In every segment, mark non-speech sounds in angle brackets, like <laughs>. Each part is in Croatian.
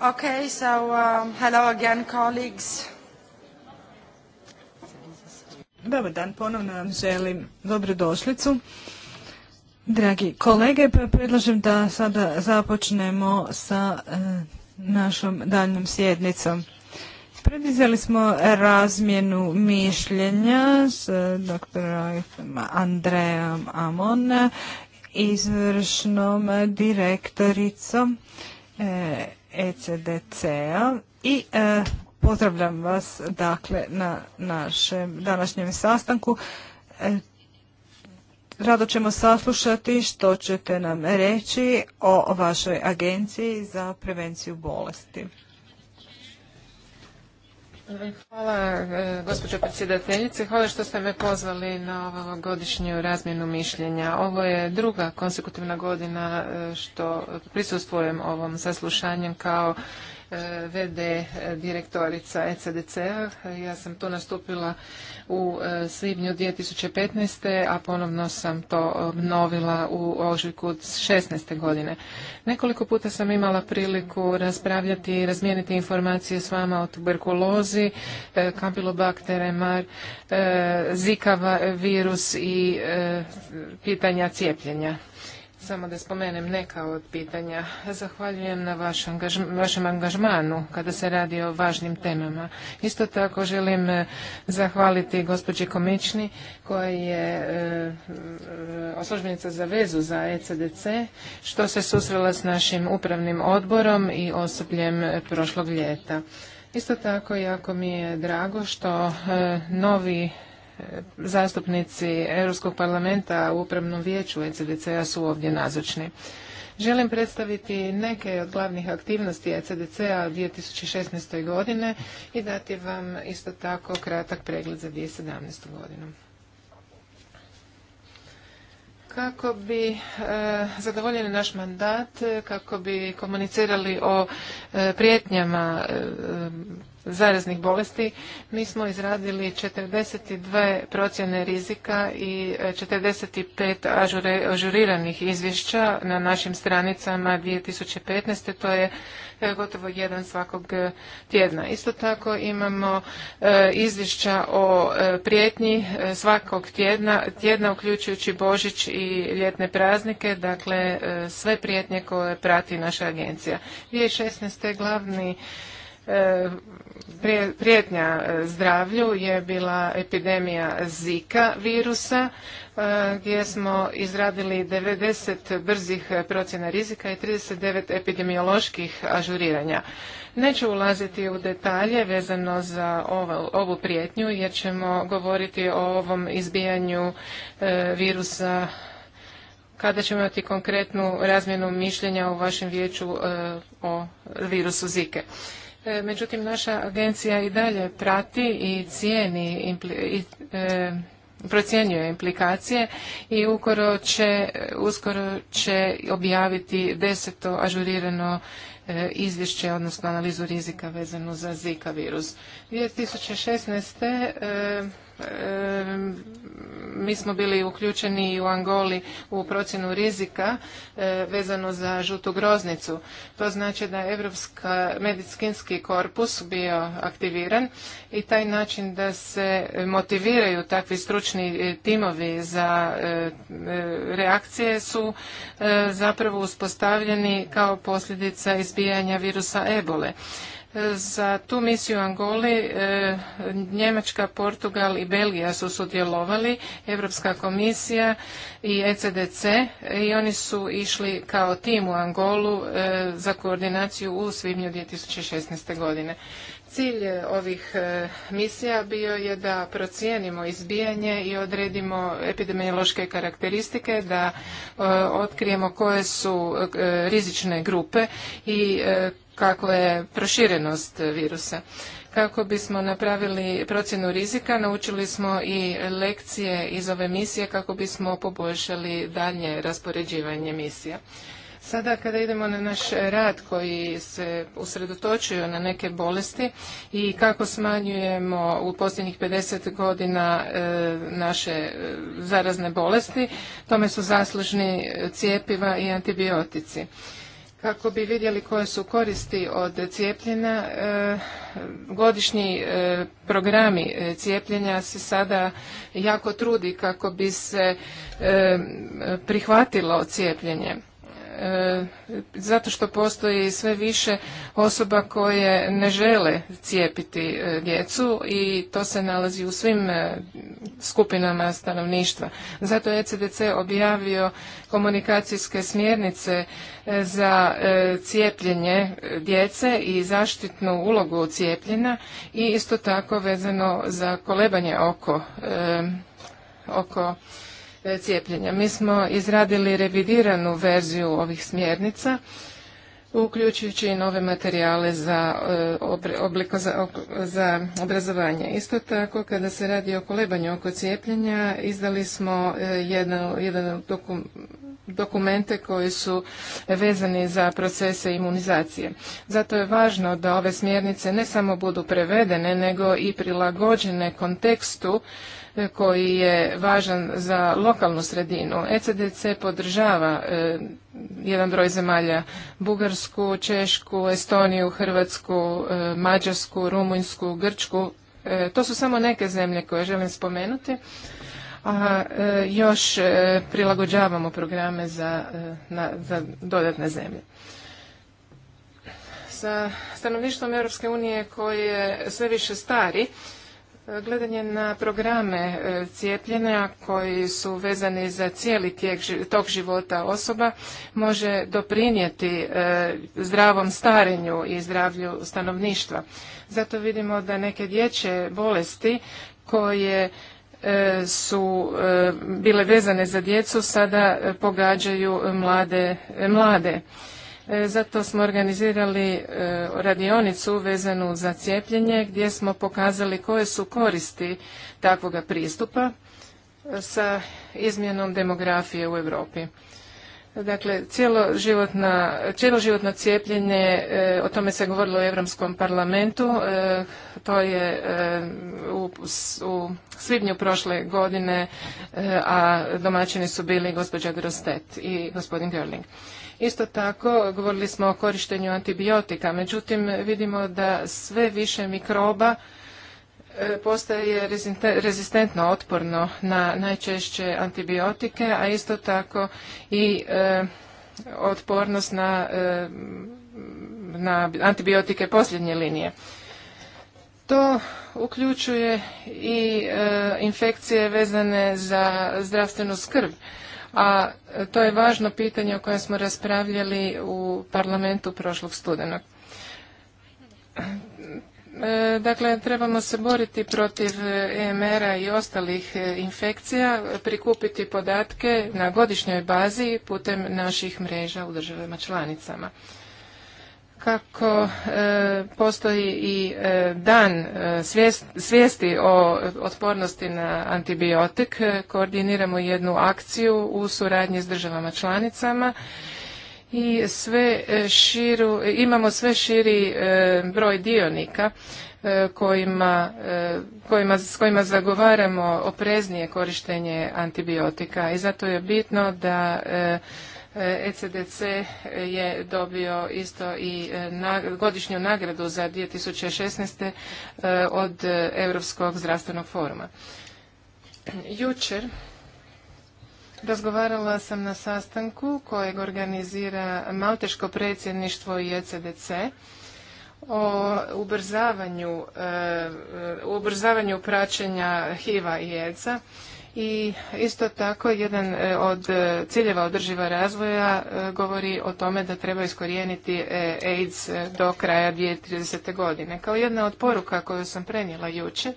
Okay, so um, hello again, colleagues. Dobar dan, ponovno vam želim došlicu. Dragi kolege, pa predlažem da sada započnemo sa eh, našom daljnom sjednicom. Predizeli smo razmjenu mišljenja s eh, doktorom Andrejom Amon, izvršnom direktoricom e, ECDC-a i e, pozdravljam vas dakle na našem današnjem sastanku. E, rado ćemo saslušati što ćete nam reći o vašoj agenciji za prevenciju bolesti. Hvala e, gospođo predsjedateljice. Hvala što ste me pozvali na godišnju razmjenu mišljenja. Ovo je druga konsekutivna godina e, što prisustvujem ovom saslušanjem kao VD direktorica ECDC-a. Ja sam tu nastupila u e, svibnju 2015. a ponovno sam to obnovila u ožujku 16. godine. Nekoliko puta sam imala priliku raspravljati i razmijeniti informacije s vama o tuberkulozi, e, MR, e, zika virus i pitanja cijepljenja. Samo da spomenem neka od pitanja. Zahvaljujem na vašem angažmanu kada se radi o važnim temama. Isto tako želim e, zahvaliti gospođi Komični koja je e, e za vezu za ECDC što se susrela s našim upravnim odborom i osobljem prošlog ljeta. Isto tako jako mi je drago što e, novi zastupnici Europskog parlamenta u Upravnom vijeću ECDC-a su ovdje nazočni. Želim predstaviti neke od glavnih aktivnosti ECDC-a 2016. godine i dati vam isto tako kratak pregled za 2017. godinu. Kako bi zadovoljeni zadovoljili naš mandat, e, kako bi komunicirali o e, prijetnjama e, zaraznih bolesti, mi smo izradili 42 procjene rizika i 45 e, ažuriranih izvješća na našim stranicama 2015. To je e, gotovo jedan svakog e, tjedna. Isto tako imamo izvješća o prijetnji svakog tjedna, tjedna uključujući Božić i ljetne praznike, dakle sve prijetnje koje prati naša agencija. 2016. glavni E, prijetnja e, zdravlju je bila epidemija Zika virusa e, gdje smo izradili 90 brzih procjena rizika i 39 epidemioloških ažuriranja. Neću ulaziti u detalje vezano za ovu prijetnju jer ćemo govoriti o ovom izbijanju virusa kada ćemo imati konkretnu razmjenu mišljenja u vašem vijeću o virusu Zike. E, međutim, naša agencija i dalje prati i cijeni i, e, procjenjuje implikacije i uskoro će objaviti deseto ažurirano e, izvješće, odnosno analizu rizika vezanu za Zika virus. 2016 mi smo bili uključeni u Angoli u procjenu rizika e, vezano za žutu groznicu. To znači da je Evropski medicinski korpus bio aktiviran i taj način da se motiviraju takvi stručni e, timovi za e, reakcije su zapravo uspostavljeni kao posljedica izbijanja virusa ebole. Za tu misiju Angoli e, Njemačka, Portugal i Belgija su sudjelovali, Europska komisija i ECDC i oni su išli kao tim u Angolu e, za koordinaciju u svibnju 2016. godine. Cilj e, ovih misija bio je da procijenimo izbijanje i odredimo epidemiološke karakteristike, da otkrijemo koje su rizične grupe i kakva je proširenost virusa. Kako bismo napravili procjenu rizika, naučili smo i lekcije iz ove misije kako bismo poboljšali dalje raspoređivanje misija. Sada kada idemo na naš rad koji se usredotočuje na neke bolesti i kako smanjujemo u posljednjih 50 godina e, naše e, zarazne bolesti, tome su zaslužni cijepiva i antibiotici kako bi vidjeli koje su koristi od cijepljenja. E, godišnji e, programi e, cijepljenja se sada jako trudi kako bi se prihvatilo cijepljenje. E, zato što postoji sve više osoba koje ne žele cijepiti e, djecu i to se nalazi u svim e, skupinama stanovništva. Zato je ECDC objavio komunikacijske smjernice za cijepljenje djece i zaštitnu ulogu cijepljena i isto tako vezano za kolebanje oko oko E, cijepljenja. Mi smo izradili revidiranu verziju ovih smjernica uključujući i nove materijale za, e, obliko, za, obrazovanje. Isto tako, kada se radi o kolebanju oko cijepljenja, izdali smo e, jedan, jedan dokumente koji su vezani za procese imunizacije. Zato je važno da ove smjernice ne samo budu prevedene, nego i prilagođene kontekstu koji je važan za lokalnu sredinu. ECDC podržava e, jedan broj zemalja Bugarsku, Češku, Estoniju, Hrvatsku, e, Mađarsku, Rumunjsku, Grčku. E, to su samo neke zemlje koje želim spomenuti, a još prilagođavamo programe za, za dodatne zemlje sa stanovništvom Europske unije koji je sve više stari, Gledanje na programe e, cijepljenja koji su vezani za cijeli tijek tog života osoba može doprinijeti e, zdravom starenju i zdravlju stanovništva. Zato vidimo da neke dječje bolesti koje e, su bile vezane za djecu sada pogađaju mlade mlade E, zato smo organizirali e, radionicu vezanu za cijepljenje gdje smo pokazali koje su koristi takvoga pristupa e, sa izmjenom demografije u Europi. Dakle, cijelo životno, cijepljenje, e, o tome se govorilo u Evropskom parlamentu, e, to je e, u, u svibnju prošle godine, a domaćini su bili gospođa Grostet i gospodin Görling. Isto tako govorili smo o korištenju antibiotika, međutim vidimo da sve više mikroba E, postaje rezistentno otporno na najčešće antibiotike, a isto tako i e, otpornost na, e, na antibiotike posljednje linije. To uključuje i infekcije vezane za zdravstvenu skrb, a to je važno pitanje o kojem smo raspravljali u parlamentu prošlog studenog. E, dakle, trebamo se boriti protiv EMR-a e i ostalih e, infekcija, prikupiti podatke na godišnjoj bazi putem naših mreža u državama članicama. Kako postoji i dan svijesti o otpornosti na antibiotik, koordiniramo jednu akciju u suradnji s državama članicama i sve e, širu, e, imamo sve širi e, broj dionika kojima, kojima, s kojima zagovaramo opreznije korištenje antibiotika i zato je bitno da ECDC je dobio isto i godišnju nagradu za 2016. od Europskog zdravstvenog foruma. Jučer Razgovarala sam na sastanku kojeg organizira Malteško predsjedništvo i ECDC o ubrzavanju, eh, ubrzavanju praćenja HIV-a i AIDS-a i isto tako jedan eh, od eh, ciljeva održiva razvoja govori o tome da treba iskorijeniti AIDS do kraja 2030. godine. Kao jedna od poruka koju sam prenijela jučer,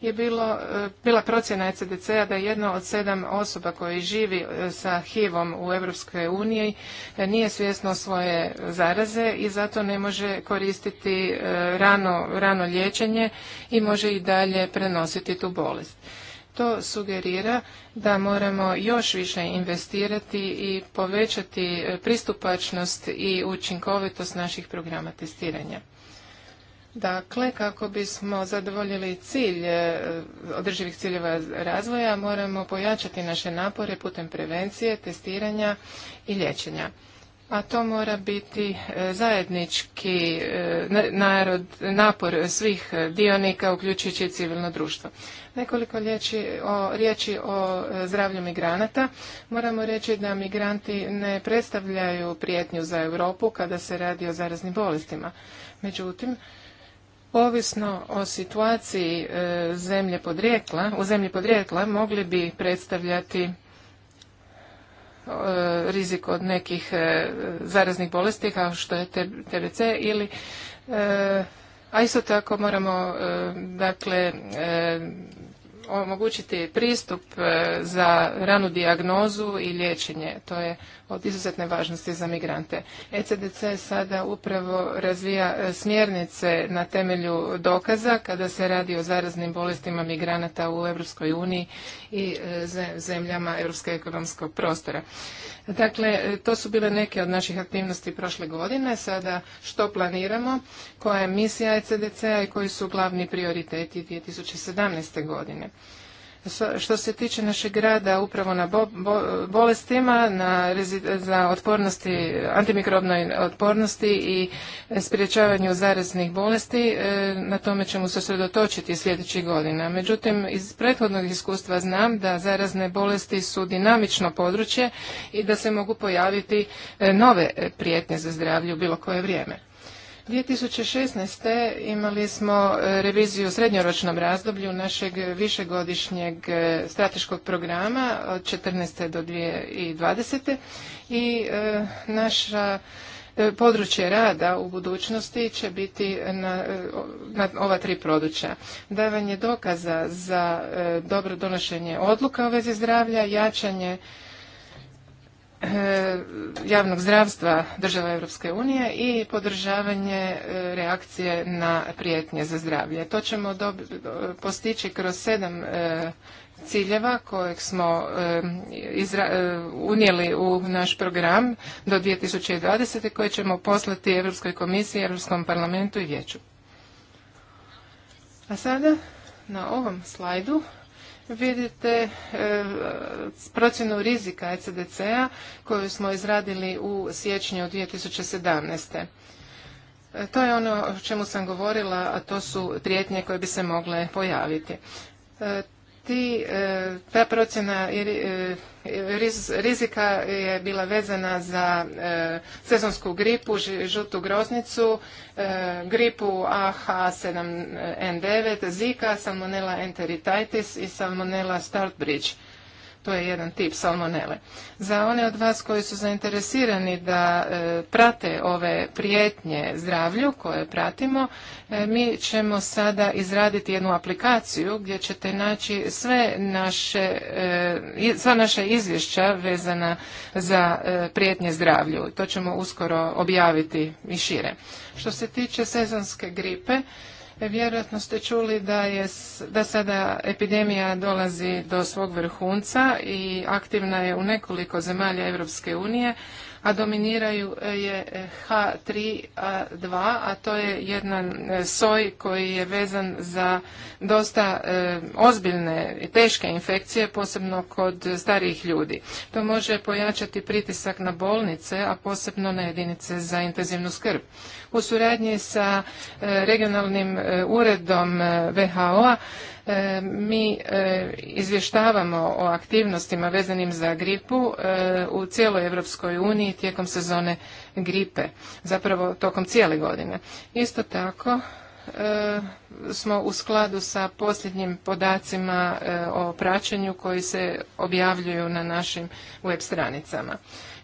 je bilo, e, bila procjena ECDC-a da jedno od sedam osoba koje živi e, sa HIV-om u Europskoj uniji e, nije svjesno svoje zaraze i zato ne može koristiti rano, rano liječenje i može i dalje prenositi tu bolest. To sugerira da moramo još više investirati i povećati pristupačnost i učinkovitost naših programa testiranja. Dakle, kako bismo zadovoljili cilj e, održivih ciljeva razvoja, moramo pojačati naše napore putem prevencije, testiranja i liječenja. A to mora biti e, zajednički e, narod, napor svih dionika, uključujući civilno društvo. Nekoliko riječi o, riječi o zdravlju migranata. Moramo reći da migranti ne predstavljaju prijetnju za Europu kada se radi o zaraznim bolestima. Međutim, Ovisno o situaciji e, zemlje podrijetla, u zemlji podrijetla mogli bi predstavljati e, rizik od nekih e, zaraznih bolesti kao što je TBC ili a isto tako moramo dakle omogućiti pristup za ranu dijagnozu i liječenje. To je od izuzetne važnosti za migrante. ECDC sada upravo razvija e, smjernice na temelju dokaza kada se radi o zaraznim bolestima migranata u Europskoj uniji i e, zemljama Europskog ekonomskog prostora. Dakle, e, to su bile neke od naših aktivnosti prošle godine. Sada što planiramo, koja je misija ECDC-a i koji su glavni prioriteti 2017. godine. Što se tiče našeg rada upravo na bolestima, na, za otpornosti, antimikrobnoj otpornosti i sprječavanju zaraznih bolesti, e, na tome ćemo se sredotočiti sljedećih godina. Međutim, iz prethodnog iskustva znam da zarazne bolesti su dinamično područje i da se mogu pojaviti e, nove prijetnje za zdravlje u bilo koje vrijeme. 2016. imali smo e, reviziju u srednjoročnom razdoblju našeg višegodišnjeg e, strateškog programa od 14. do 2020. i e, naša područje rada u budućnosti će biti na ova tri područja. Davanje dokaza za dobro donošenje odluka u vezi zdravlja, jačanje Eh, javnog zdravstva država Europske unije i podržavanje eh, reakcije na prijetnje za zdravlje. To ćemo postići kroz sedam eh, ciljeva kojeg smo unijeli u naš program do 2020. koje ćemo poslati Europskoj komisiji, Europskom parlamentu i vijeću. A sada na ovom slajdu vidite e, procjenu rizika ECDC-a koju smo izradili u siječnju 2017. E, to je ono o čemu sam govorila, a to su prijetnje koje bi se mogle pojaviti. E, E, ta procjena e, rizika je bila vezana za e, sezonsku gripu, žutu groznicu, gripu AH7N9, Zika, salmonella enterititis i salmonella startbridge. To je jedan tip salmonele. Za one od vas koji su zainteresirani da e, prate ove prijetnje zdravlju koje pratimo, e, mi ćemo sada izraditi jednu aplikaciju gdje ćete naći sve naše, e, sva naša izvješća vezana za prijetnje zdravlju. To ćemo uskoro objaviti i šire. Što se tiče sezonske gripe, Vjerojatno ste čuli da, je, da sada epidemija dolazi do svog vrhunca i aktivna je u nekoliko zemalja Europske unije a dominiraju e, je e, H3A2, a to je jedan e, soj koji je vezan za dosta ozbiljne i teške infekcije, posebno kod starijih ljudi. To može pojačati pritisak na bolnice, a posebno na jedinice za intenzivnu skrb. U suradnji sa regionalnim uredom WHO-a E, mi e, izvještavamo o aktivnostima vezanim za gripu e, u cijeloj Europskoj uniji tijekom sezone gripe, zapravo tokom cijele godine. Isto tako smo u skladu sa posljednjim podacima o praćenju koji se objavljuju na našim web stranicama.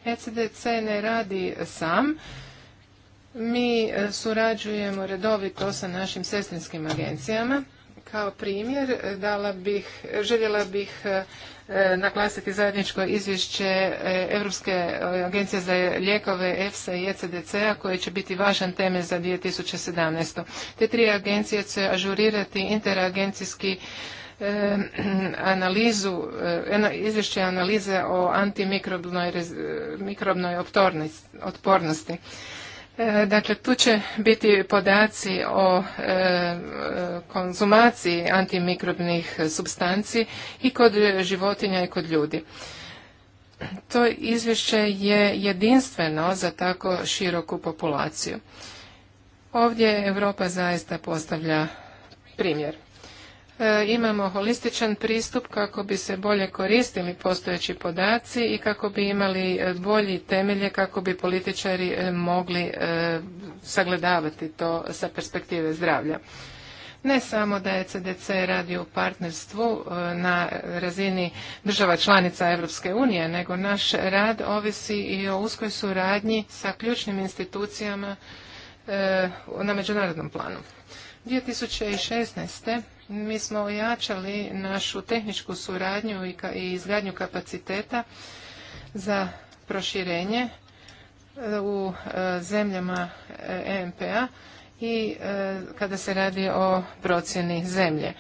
ECDC ne radi sam, mi surađujemo redovito sa našim sestrinskim agencijama kao primjer e, dala bih, željela bih e, e, naglasiti zajedničko izvješće Europske agencije za lijekove EFSA i ECDC-a koje će biti važan temelj za 2017. Te tri agencije će ažurirati interagencijski <clears throat> analizu, izvješće analize o antimikrobnoj mikrobnoj otpornosti. E, dakle, tu će biti podaci o e, konzumaciji antimikrobnih substanci i kod životinja i kod ljudi. To izvješće je jedinstveno za tako široku populaciju. Ovdje Europa zaista postavlja primjer. E, imamo holističan pristup kako bi se bolje koristili postojeći podaci i kako bi imali e, bolji temelje kako bi političari e, mogli sagledavati to sa perspektive zdravlja. Ne samo da je CDC radi u partnerstvu na razini država članica Europske unije, nego naš rad ovisi i o uskoj suradnji sa ključnim institucijama na međunarodnom planu. 2016. Mi smo ojačali našu tehničku suradnju i izgradnju kapaciteta za proširenje e, u e, zemljama EMPA e i kada se radi o procjeni zemlje.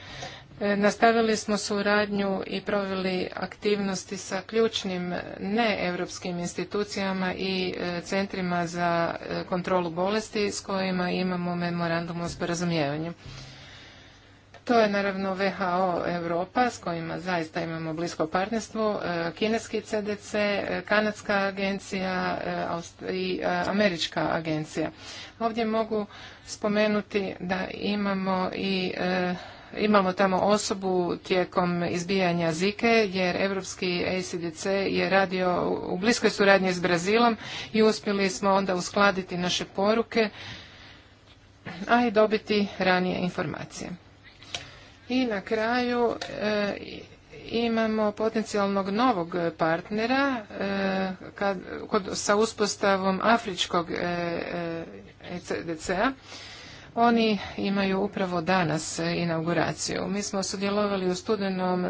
Nastavili smo suradnju i proveli aktivnosti sa ključnim neevropskim institucijama i centrima za kontrolu bolesti s kojima imamo memorandum o sporazumijevanju. To je naravno WHO Europa s kojima zaista imamo blisko partnerstvo, e, kineski CDC, e, kanadska agencija e, i američka agencija. Ovdje mogu spomenuti da imamo i imamo tamo osobu tijekom izbijanja zike jer Europski ACDC je radio u bliskoj suradnji s Brazilom i uspjeli smo onda uskladiti naše poruke, a i dobiti ranije informacije. I na kraju e, imamo potencijalnog novog partnera e, kod, sa uspostavom afričkog ECDC-a. E, oni imaju upravo danas inauguraciju. Mi smo sudjelovali u studenom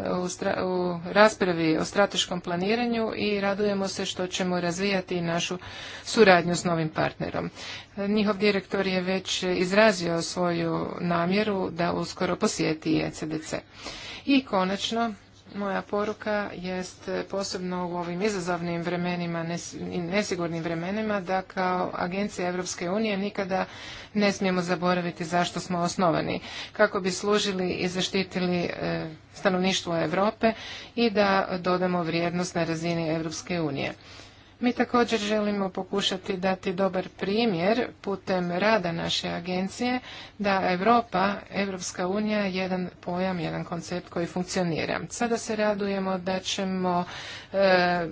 u, raspravi o strateškom planiranju i radujemo se što ćemo razvijati našu suradnju s novim partnerom. Njihov direktor je već izrazio svoju namjeru da uskoro posjeti ECDC. I konačno, moja poruka jest e, posebno u ovim izazovnim vremenima i nesigurnim vremenima da kao agencija Europske unije nikada ne smijemo zaboraviti zašto smo osnovani kako bi služili i zaštitili e, stanovništvo Europe i da dodamo vrijednost na razini Europske unije. Mi također želimo pokušati dati dobar primjer putem rada naše agencije da Europa, Europska unija je jedan pojam, jedan koncept koji funkcionira. Sada se radujemo da ćemo e,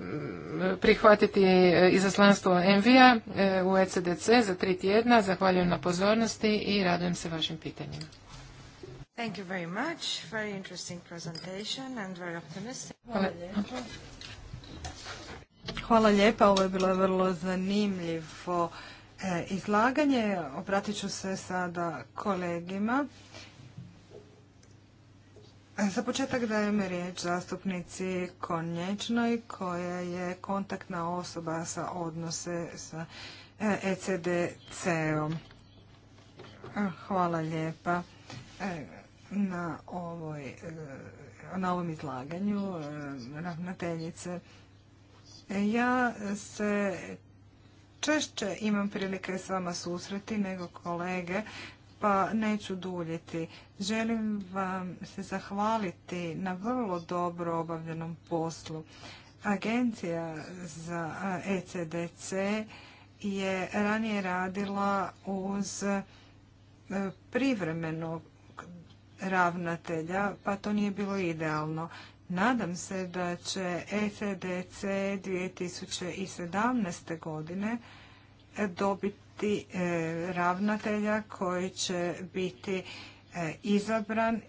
prihvatiti izaslanstvo MV-a e, u ECDC za tri tjedna. Zahvaljujem na pozornosti i radujem se vašim pitanjima. Hvala lijepa, ovo je bilo vrlo zanimljivo e, izlaganje. Obratit ću se sada kolegima. E, za početak dajem riječ zastupnici Konječnoj koja je kontaktna osoba sa odnose sa ECDC-om. E hvala lijepa na, ovoj, na ovom izlaganju ravnateljice. Ja se češće imam prilike s vama susreti nego kolege, pa neću duljiti. Želim vam se zahvaliti na vrlo dobro obavljenom poslu. Agencija za ECDC je ranije radila uz e, privremenog ravnatelja, pa to nije bilo idealno. Nadam se da će ECDC 2017. godine dobiti e, ravnatelja koji će biti e, izabran.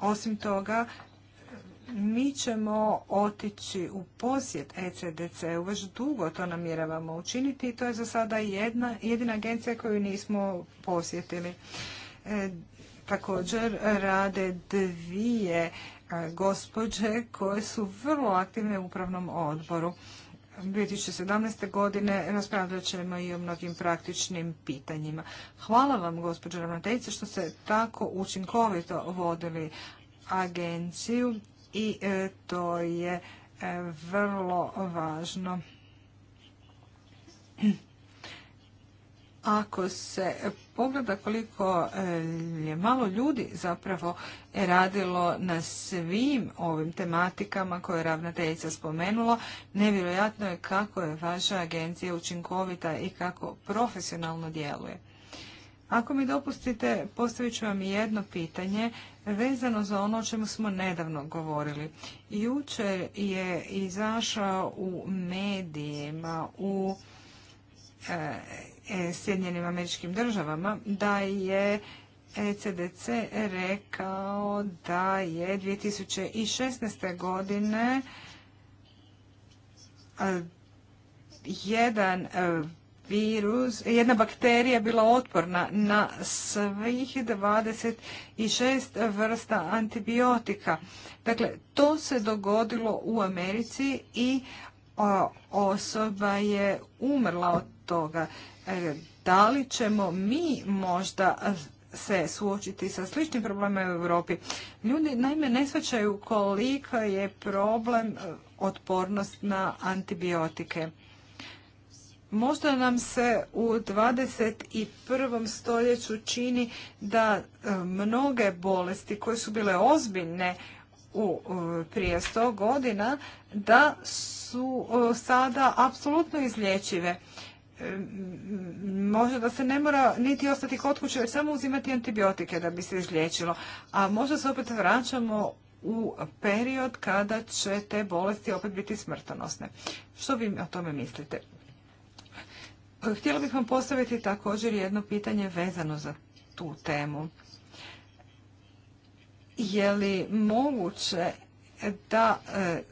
Osim toga, mi ćemo otići u posjet ECDC-u, dugo to namjeravamo učiniti i to je za sada jedna, jedina agencija koju nismo posjetili. E, također rade dvije gospođe koje su vrlo aktivne u upravnom odboru. 2017. godine raspravljat ćemo i o mnogim praktičnim pitanjima. Hvala vam, gospođo ravnateljice, što ste tako učinkovito vodili agenciju i e, to je e, vrlo važno. Ako se pogleda koliko e, je malo ljudi zapravo radilo na svim ovim tematikama koje je ravnateljica spomenula, nevjerojatno je kako je vaša agencija učinkovita i kako profesionalno djeluje. Ako mi dopustite, postavit ću vam jedno pitanje vezano za ono o čemu smo nedavno govorili. Jučer je izašao u medijima, u e, E, Sjedinjenim američkim državama da je ECDC rekao da je 2016. godine e, jedan e, virus, jedna bakterija bila otporna na svih 26 vrsta antibiotika. Dakle, to se dogodilo u Americi i osoba je umrla od toga. E, da li ćemo mi možda se suočiti sa sličnim problemima u Europi. Ljudi naime ne shvaćaju koliko je problem e, otpornost na antibiotike. Možda nam se u 21. stoljeću čini da e, mnoge bolesti koje su bile ozbiljne u prije 100 godina da su sada apsolutno izlječive možda da se ne mora niti ostati kod kuće, već samo uzimati antibiotike da bi se izlječilo. A možda se opet vraćamo u period kada će te bolesti opet biti smrtonosne. Što vi o tome mislite? Htjela bih vam postaviti također jedno pitanje vezano za tu temu. Je li moguće da e,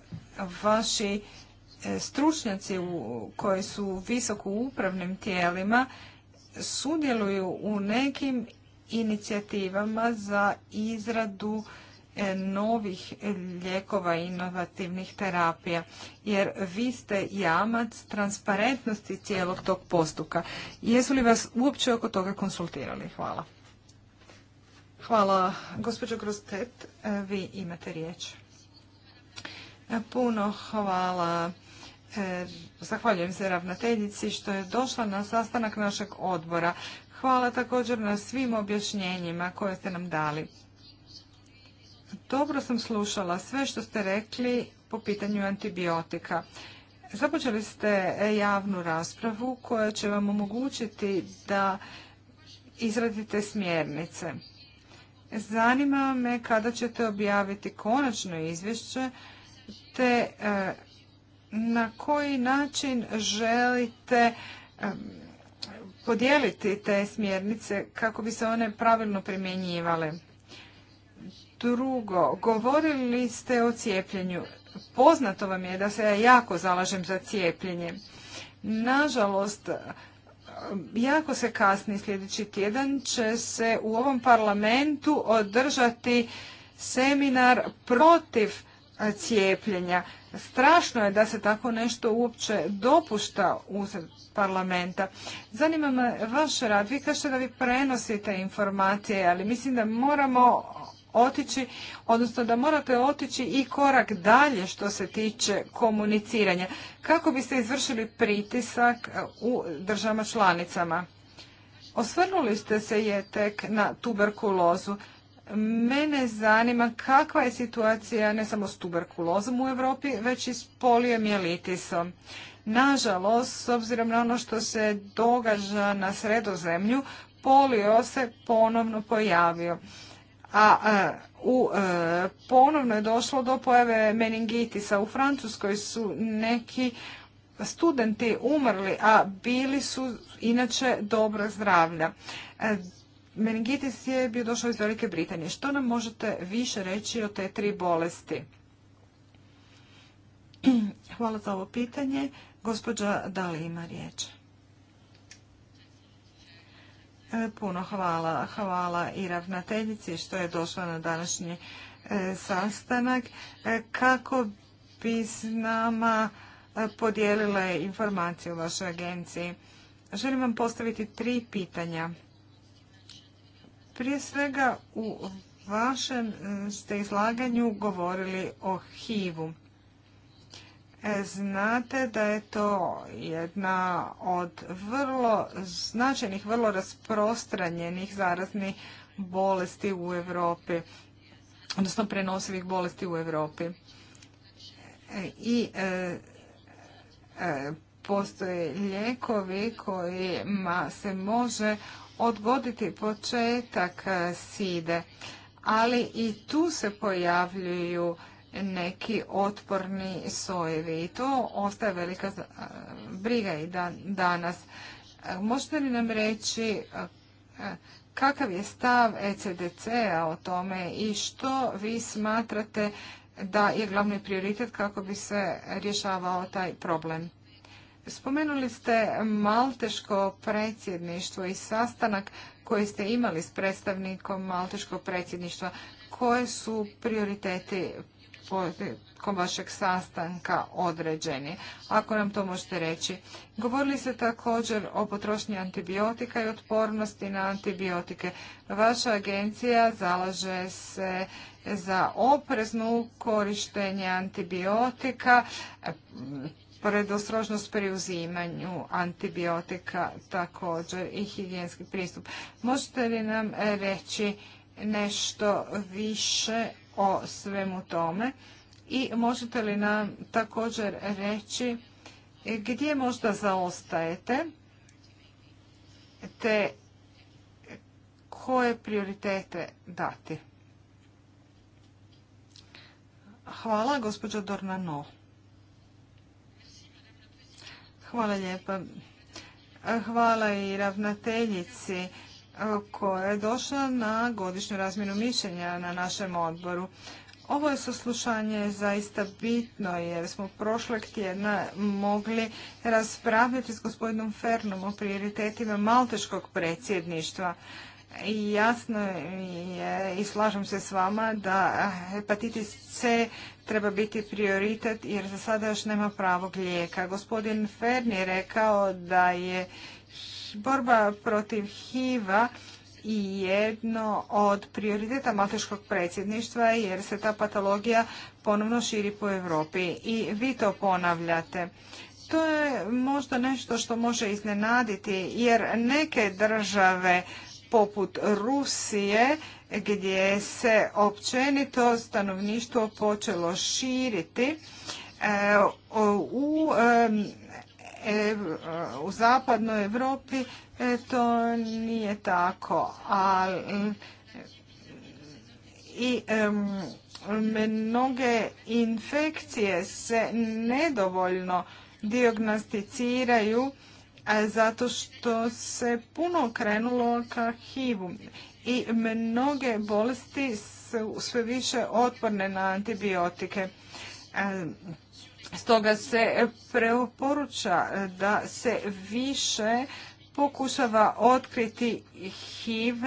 vaši E, stručnjaci koji su visoko upravnim tijelima sudjeluju u nekim inicijativama za izradu e, novih lijekova inovativnih terapija, jer vi ste jamac transparentnosti cijelog tog postupka. Jesu li vas uopće oko toga konsultirali? Hvala. Hvala. Gospođo Grostet, e, vi imate riječ. Puno hvala Zahvaljujem se ravnateljici što je došla na sastanak našeg odbora. Hvala također na svim objašnjenjima koje ste nam dali. Dobro sam slušala sve što ste rekli po pitanju antibiotika. Započeli ste javnu raspravu koja će vam omogućiti da izradite smjernice. Zanima me kada ćete objaviti konačno izvješće te e, na koji način želite podijeliti te smjernice kako bi se one pravilno primjenjivale. Drugo, govorili ste o cijepljenju. Poznato vam je da se ja jako zalažem za cijepljenje. Nažalost, jako se kasni sljedeći tjedan će se u ovom parlamentu održati seminar protiv cijepljenja strašno je da se tako nešto uopće dopušta usred parlamenta. Zanima me vaš rad. Vi kažete da vi prenosite informacije, ali mislim da moramo otići, odnosno da morate otići i korak dalje što se tiče komuniciranja. Kako biste izvršili pritisak u državama članicama? Osvrnuli ste se je tek na tuberkulozu. Mene zanima kakva je situacija ne samo s tuberkulozom u Europi, već i s poliomijelitisom. Nažalost, s obzirom na ono što se događa na sredozemlju, polio se ponovno pojavio. A e, u, e, ponovno je došlo do pojave meningitisa. U Francuskoj su neki studenti umrli, a bili su inače dobro zdravlja. E, meningitis je bio došao iz Velike Britanije. Što nam možete više reći o te tri bolesti? <clears throat> Hvala za ovo pitanje. Gospođa li ima riječ. E, puno hvala. Hvala i ravnateljici što je došla na današnji e, sastanak e, kako bi s nama podijelile informacije u vašoj agenciji. Želim vam postaviti tri pitanja. Prije svega u vašem e, ste izlaganju govorili o HIV-u. E, znate da je to jedna od vrlo značajnih, vrlo rasprostranjenih zaraznih bolesti u Europi, odnosno prenosivih bolesti u Europi. E, I postoje lijekovi kojima se može odgoditi početak e, side, ali i tu se pojavljuju neki otporni sojevi i to ostaje velika e, briga i danas. E, možete li nam reći kakav je stav ECDC-a o tome i što vi smatrate da je glavni prioritet kako bi se rješavao taj problem? Spomenuli ste Malteško predsjedništvo i sastanak koji ste imali s predstavnikom Malteškog predsjedništva. Koje su prioriteti tijekom vašeg sastanka određeni. Ako nam to možete reći. Govorili ste također o potrošnji antibiotika i otpornosti na antibiotike. Vaša agencija zalaže se za opreznu korištenje antibiotika, predostrožnost pri uzimanju antibiotika također i higijenski pristup. Možete li nam reći nešto više o svemu tome i možete li nam također reći gdje možda zaostajete te koje prioritete dati? Hvala, gospođo Dornanova. Hvala lijepa. Hvala i ravnateljici eh, koja je došla na godišnju razmjenu mišljenja na našem odboru. Ovo je saslušanje zaista bitno jer smo prošlog tjedna mogli raspravljati s gospodinom Fernom o prioritetima malteškog predsjedništva. Jasno je i slažem se s vama da hepatitis C treba biti prioritet jer za sada još nema pravog lijeka. Gospodin Fern je rekao da je borba protiv HIV-a i jedno od prioriteta malteškog predsjedništva jer se ta patologija ponovno širi po Europi i vi to ponavljate. To je možda nešto što može iznenaditi jer neke države poput Rusije gdje se općenito stanovništvo počelo širiti e, u, e, u zapadnoj Europi e, to nije tako, i mnoge infekcije se nedovoljno diagnosticiraju E, zato što se puno okrenulo ka HIV-u i mnoge bolesti su sve više otporne na antibiotike. E, stoga se preporuča da se više pokušava otkriti HIV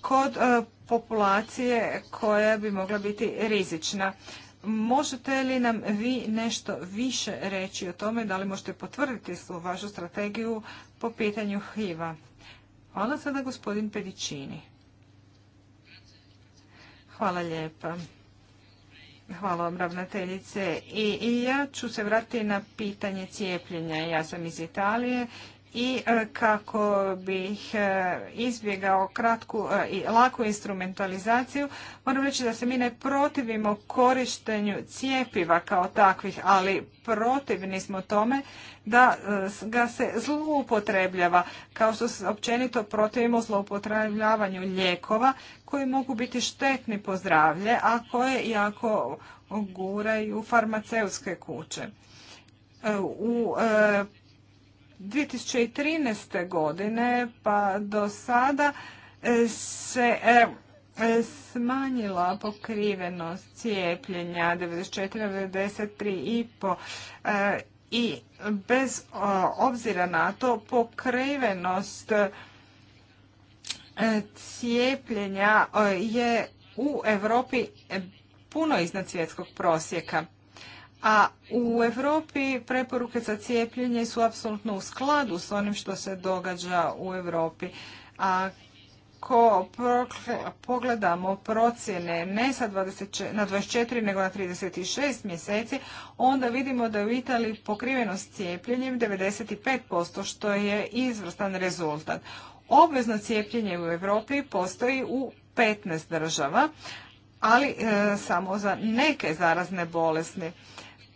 kod e, populacije koja bi mogla biti rizična. Možete li nam vi nešto više reći o tome, da li možete potvrditi svoju vašu strategiju po pitanju HIV-a? Hvala sada gospodin Pedicini. Hvala lijepa. Hvala vam ravnateljice. I ja ću se vratiti na pitanje cijepljenja. Ja sam iz Italije i e, kako bih e, izbjegao kratku e, i laku instrumentalizaciju, moram reći da se mi ne protivimo korištenju cijepiva kao takvih, ali protivni smo tome da ga se zloupotrebljava, kao što se općenito protivimo zloupotrebljavanju lijekova koji mogu biti štetni po zdravlje, a koje jako guraju farmaceutske kuće. U 2013. godine pa do sada e, se e, e, smanjila pokrivenost cijepljenja 94 93,5 i bez obzira na to pokrivenost cijepljenja je u Europi puno iznad svjetskog prosjeka a u Europi preporuke za cijepljenje su apsolutno u skladu s onim što se događa u Europi. Ako pogledamo procjene ne sa 24, na 24 nego na 36 mjeseci, onda vidimo da je u Italiji pokrivenost cijepljenjem 95%, što je izvrstan rezultat. Obvezno cijepljenje u Europi postoji u 15 država, ali e, samo za neke zarazne bolesne.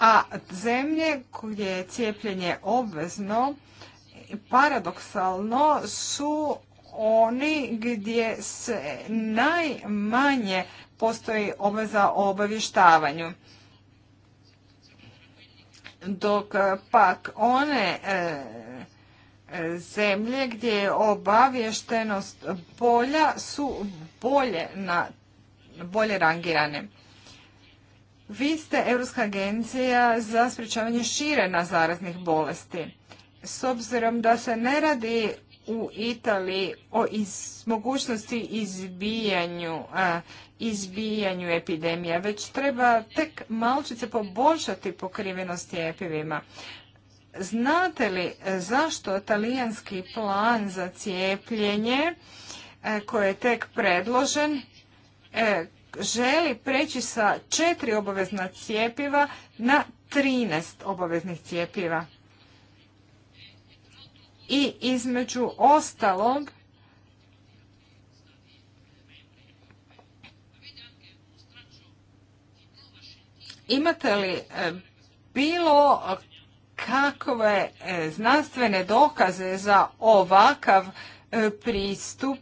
A zemlje gdje je cijepljenje obvezno, paradoksalno su oni gdje se najmanje postoji obveza o obavještavanju. Dok pak one e, zemlje gdje je obavještenost bolja su bolje, na, bolje rangirane. Vi ste Europska agencija za sprječavanje širenja zaraznih bolesti. S obzirom da se ne radi u Italiji o mogućnosti izbijanju, a, epidemija, već treba tek malčice poboljšati pokrivenost cjepivima. Znate li e, zašto talijanski plan za cijepljenje e, koji je tek predložen, e, želi preći sa četiri obavezna cijepiva na 13 obaveznih cijepiva. I između ostalog imate li e, bilo kakve e, znanstvene dokaze za ovakav e, pristup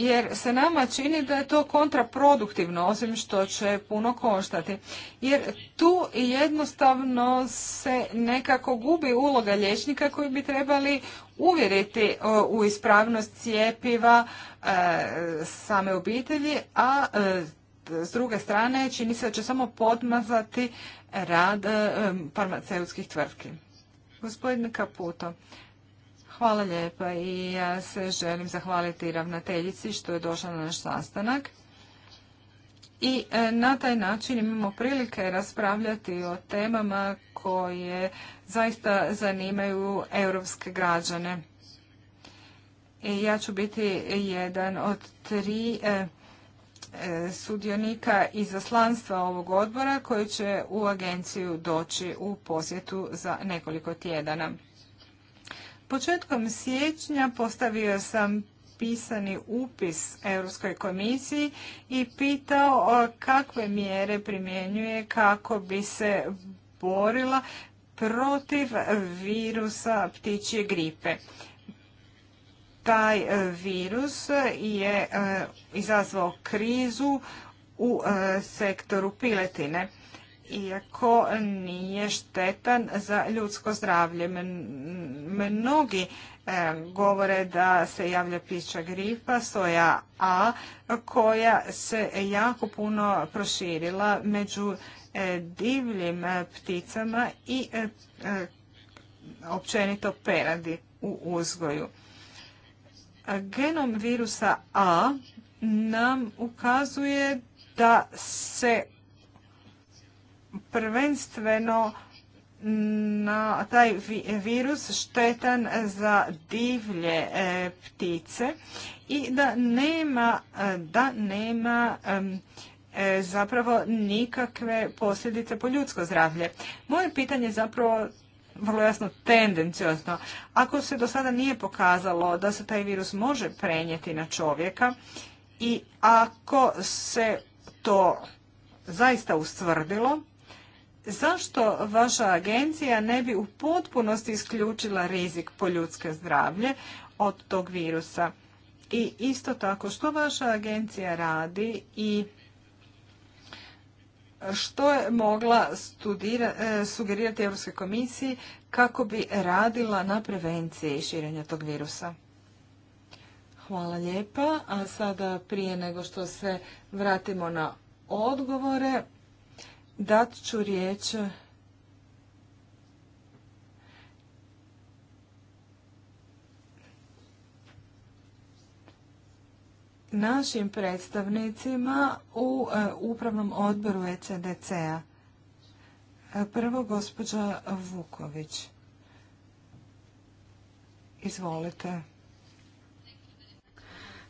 jer se nama čini da je to kontraproduktivno, osim što će puno koštati. Jer tu jednostavno se nekako gubi uloga liječnika koji bi trebali uvjeriti e, u ispravnost cijepiva e, same obitelji, a e, s druge strane čini se da će samo podmazati rad farmaceutskih tvrtki. Gospodine Kaputo, Hvala lijepa i ja se želim zahvaliti ravnateljici što je došla na naš sastanak. I e, na taj način imamo prilike raspravljati o temama koje zaista zanimaju europske građane. ja ću biti jedan od tri e, e, sudionika izaslanstva ovog odbora koji će u agenciju doći u posjetu za nekoliko tjedana. Početkom siječnja postavio sam pisani upis Europskoj komisiji i pitao kakve mjere primjenjuje kako bi se borila protiv virusa ptičje gripe. Taj e, virus je e, izazvao krizu u e, sektoru piletine iako nije štetan za ljudsko zdravlje. Mnogi e, govore da se javlja pića gripa, soja A, koja se jako puno proširila među e, divljim e, pticama i općenito peradi u uzgoju. Genom virusa A nam ukazuje da se prvenstveno na taj virus štetan za divlje e, ptice i da nema, e, da nema e, zapravo nikakve posljedice po ljudsko zdravlje. Moje pitanje je zapravo vrlo jasno tendenciozno. Ako se do sada nije pokazalo da se taj virus može prenijeti na čovjeka i ako se to zaista ustvrdilo, zašto vaša agencija ne bi u potpunosti isključila rizik po ljudske zdravlje od tog virusa? I isto tako, što vaša agencija radi i što je mogla studira, e, sugerirati Europskoj komisiji kako bi radila na prevenciji širenja tog virusa? Hvala lijepa. A sada prije nego što se vratimo na odgovore, dat ću riječ eh, našim predstavnicima u eh, upravnom odboru ECDC-a. Eh, prvo gospođa Vuković. Izvolite.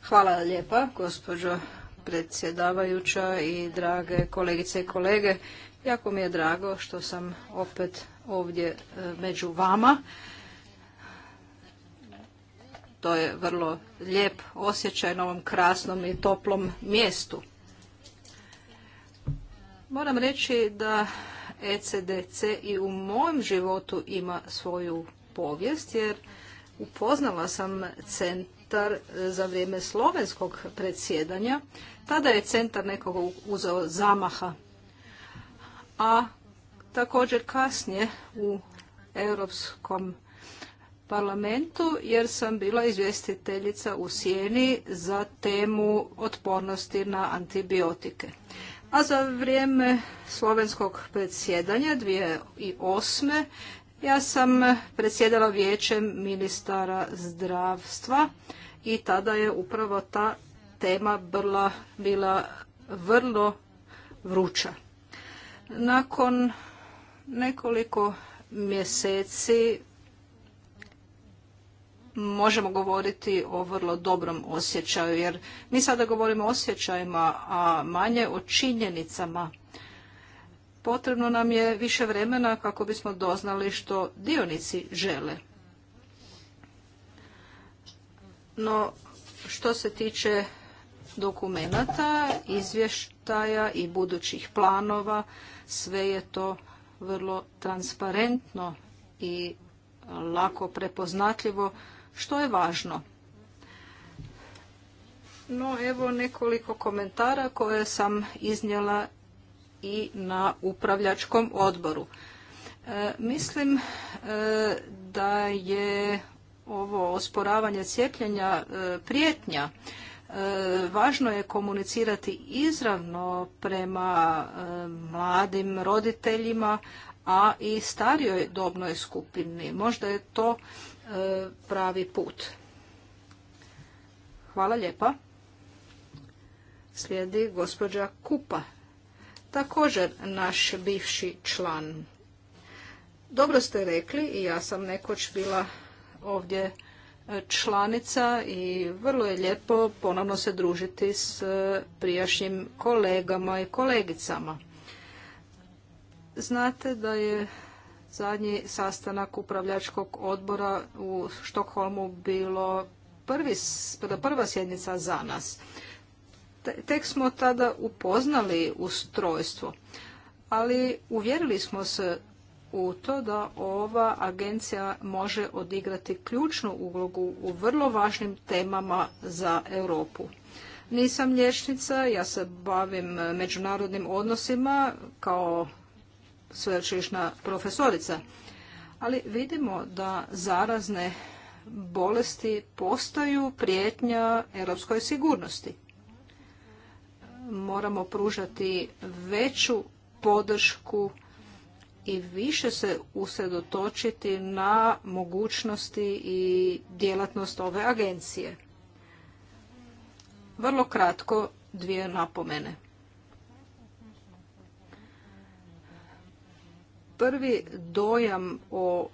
Hvala lijepa gospođo predsjedavajuća i drage kolegice i kolege. Jako mi je drago što sam opet ovdje e, među vama. To je vrlo lijep osjećaj na ovom krasnom i toplom mjestu. Moram reći da ECDC i u mojem životu ima svoju povijest jer upoznala sam centar centar e, za vrijeme slovenskog predsjedanja. Tada je centar nekog uzeo zamaha. A također kasnije u Europskom parlamentu jer sam bila izvjestiteljica u Sjeni za temu otpornosti na antibiotike. A za vrijeme slovenskog predsjedanja 2008. Ja sam predsjedala vijećem ministara zdravstva i tada je upravo ta tema bila, bila vrlo vruća. Nakon nekoliko mjeseci možemo govoriti o vrlo dobrom osjećaju, jer mi sada govorimo o osjećajima, a manje o činjenicama potrebno nam je više vremena kako bismo doznali što dionici žele. No, što se tiče dokumenata, izvještaja i budućih planova, sve je to vrlo transparentno i lako prepoznatljivo, što je važno. No, evo nekoliko komentara koje sam iznijela i na upravljačkom odboru. E, mislim e, da je ovo osporavanje cijepljenja e, prijetnja. Važno je komunicirati izravno prema mladim roditeljima, a i starijoj dobnoj skupini. Možda je to pravi put. Hvala lijepa. Slijedi gospođa Kupa također naš bivši član. Dobro ste rekli i ja sam nekoć bila ovdje e, članica i vrlo je lijepo ponovno se družiti s e, prijašnjim kolegama i kolegicama. Znate da je zadnji sastanak upravljačkog odbora u Štokholmu bilo prvi, prva sjednica za nas tek smo tada upoznali ustrojstvo, ali uvjerili smo se u to da ova agencija može odigrati ključnu ulogu u vrlo važnim temama za Europu. Nisam liječnica, ja se bavim međunarodnim odnosima kao sveučilišna profesorica, ali vidimo da zarazne bolesti postaju prijetnja europskoj sigurnosti moramo pružati veću podršku i više se usredotočiti na mogućnosti i djelatnost ove agencije. Vrlo kratko dvije napomene. Prvi dojam o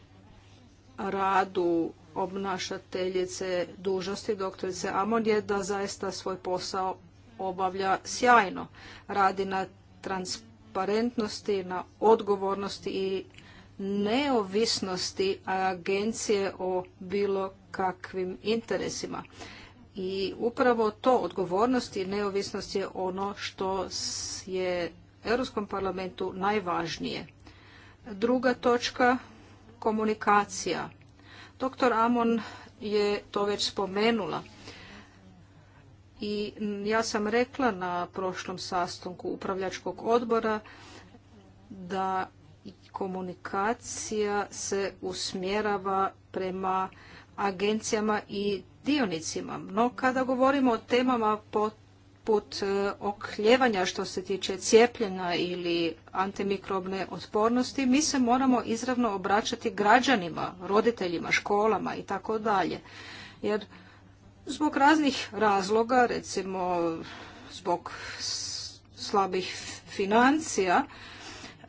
radu obnašateljice dužnosti doktorice Amon je da zaista svoj posao obavlja sjajno. Radi na transparentnosti, na odgovornosti i neovisnosti agencije o bilo kakvim interesima. I upravo to odgovornost i neovisnost je ono što je Europskom parlamentu najvažnije. Druga točka, komunikacija. Doktor Amon je to već spomenula. I mm, ja sam rekla na prošlom sastanku upravljačkog odbora da komunikacija se usmjerava prema agencijama i dionicima. No kada govorimo o temama poput e, okljevanja što se tiče cijepljenja ili antimikrobne otpornosti, mi se moramo izravno obraćati građanima, roditeljima, školama i tako dalje. Jer zbog raznih razloga, recimo zbog slabih financija,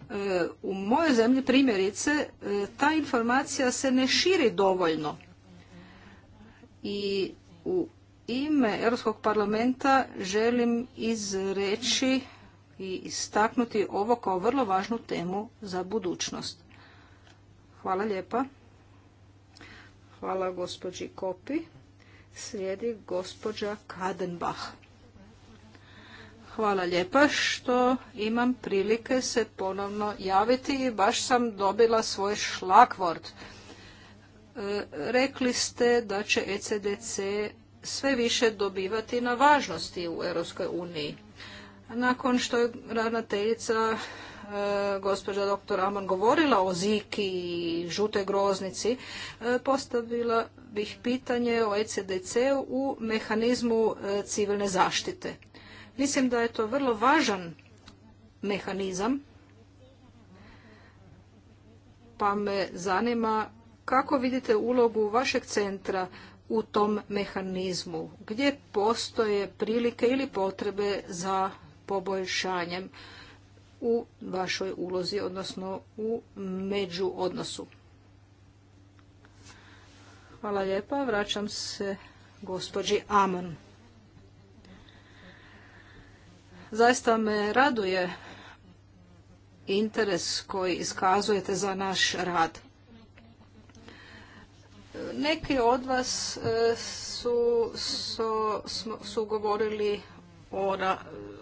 e, u mojoj zemlji primjerice e, ta informacija se ne širi dovoljno. I u ime Europskog parlamenta želim izreći i istaknuti ovo kao vrlo važnu temu za budućnost. Hvala lijepa. Hvala gospođi Kopi. Slijedi gospođa Kadenbach. Hvala lijepa što imam prilike se ponovno javiti i baš sam dobila svoj šlakvord. E, rekli ste da će ECDC sve više dobivati na važnosti u Europskoj uniji. Nakon što je ravnateljica E, gospođa doktor Aman govorila o ziki i žutoj groznici, e, postavila bih pitanje o ECDC u mehanizmu e, civilne zaštite. Mislim da je to vrlo važan mehanizam, pa me zanima kako vidite ulogu vašeg centra u tom mehanizmu, gdje postoje prilike ili potrebe za poboljšanjem u vašoj ulozi, odnosno u među odnosu. Hvala lijepa. Vraćam se gospođi Amon. Zaista me raduje interes koji iskazujete za naš rad. Neki od vas e, su, su, su govorili o,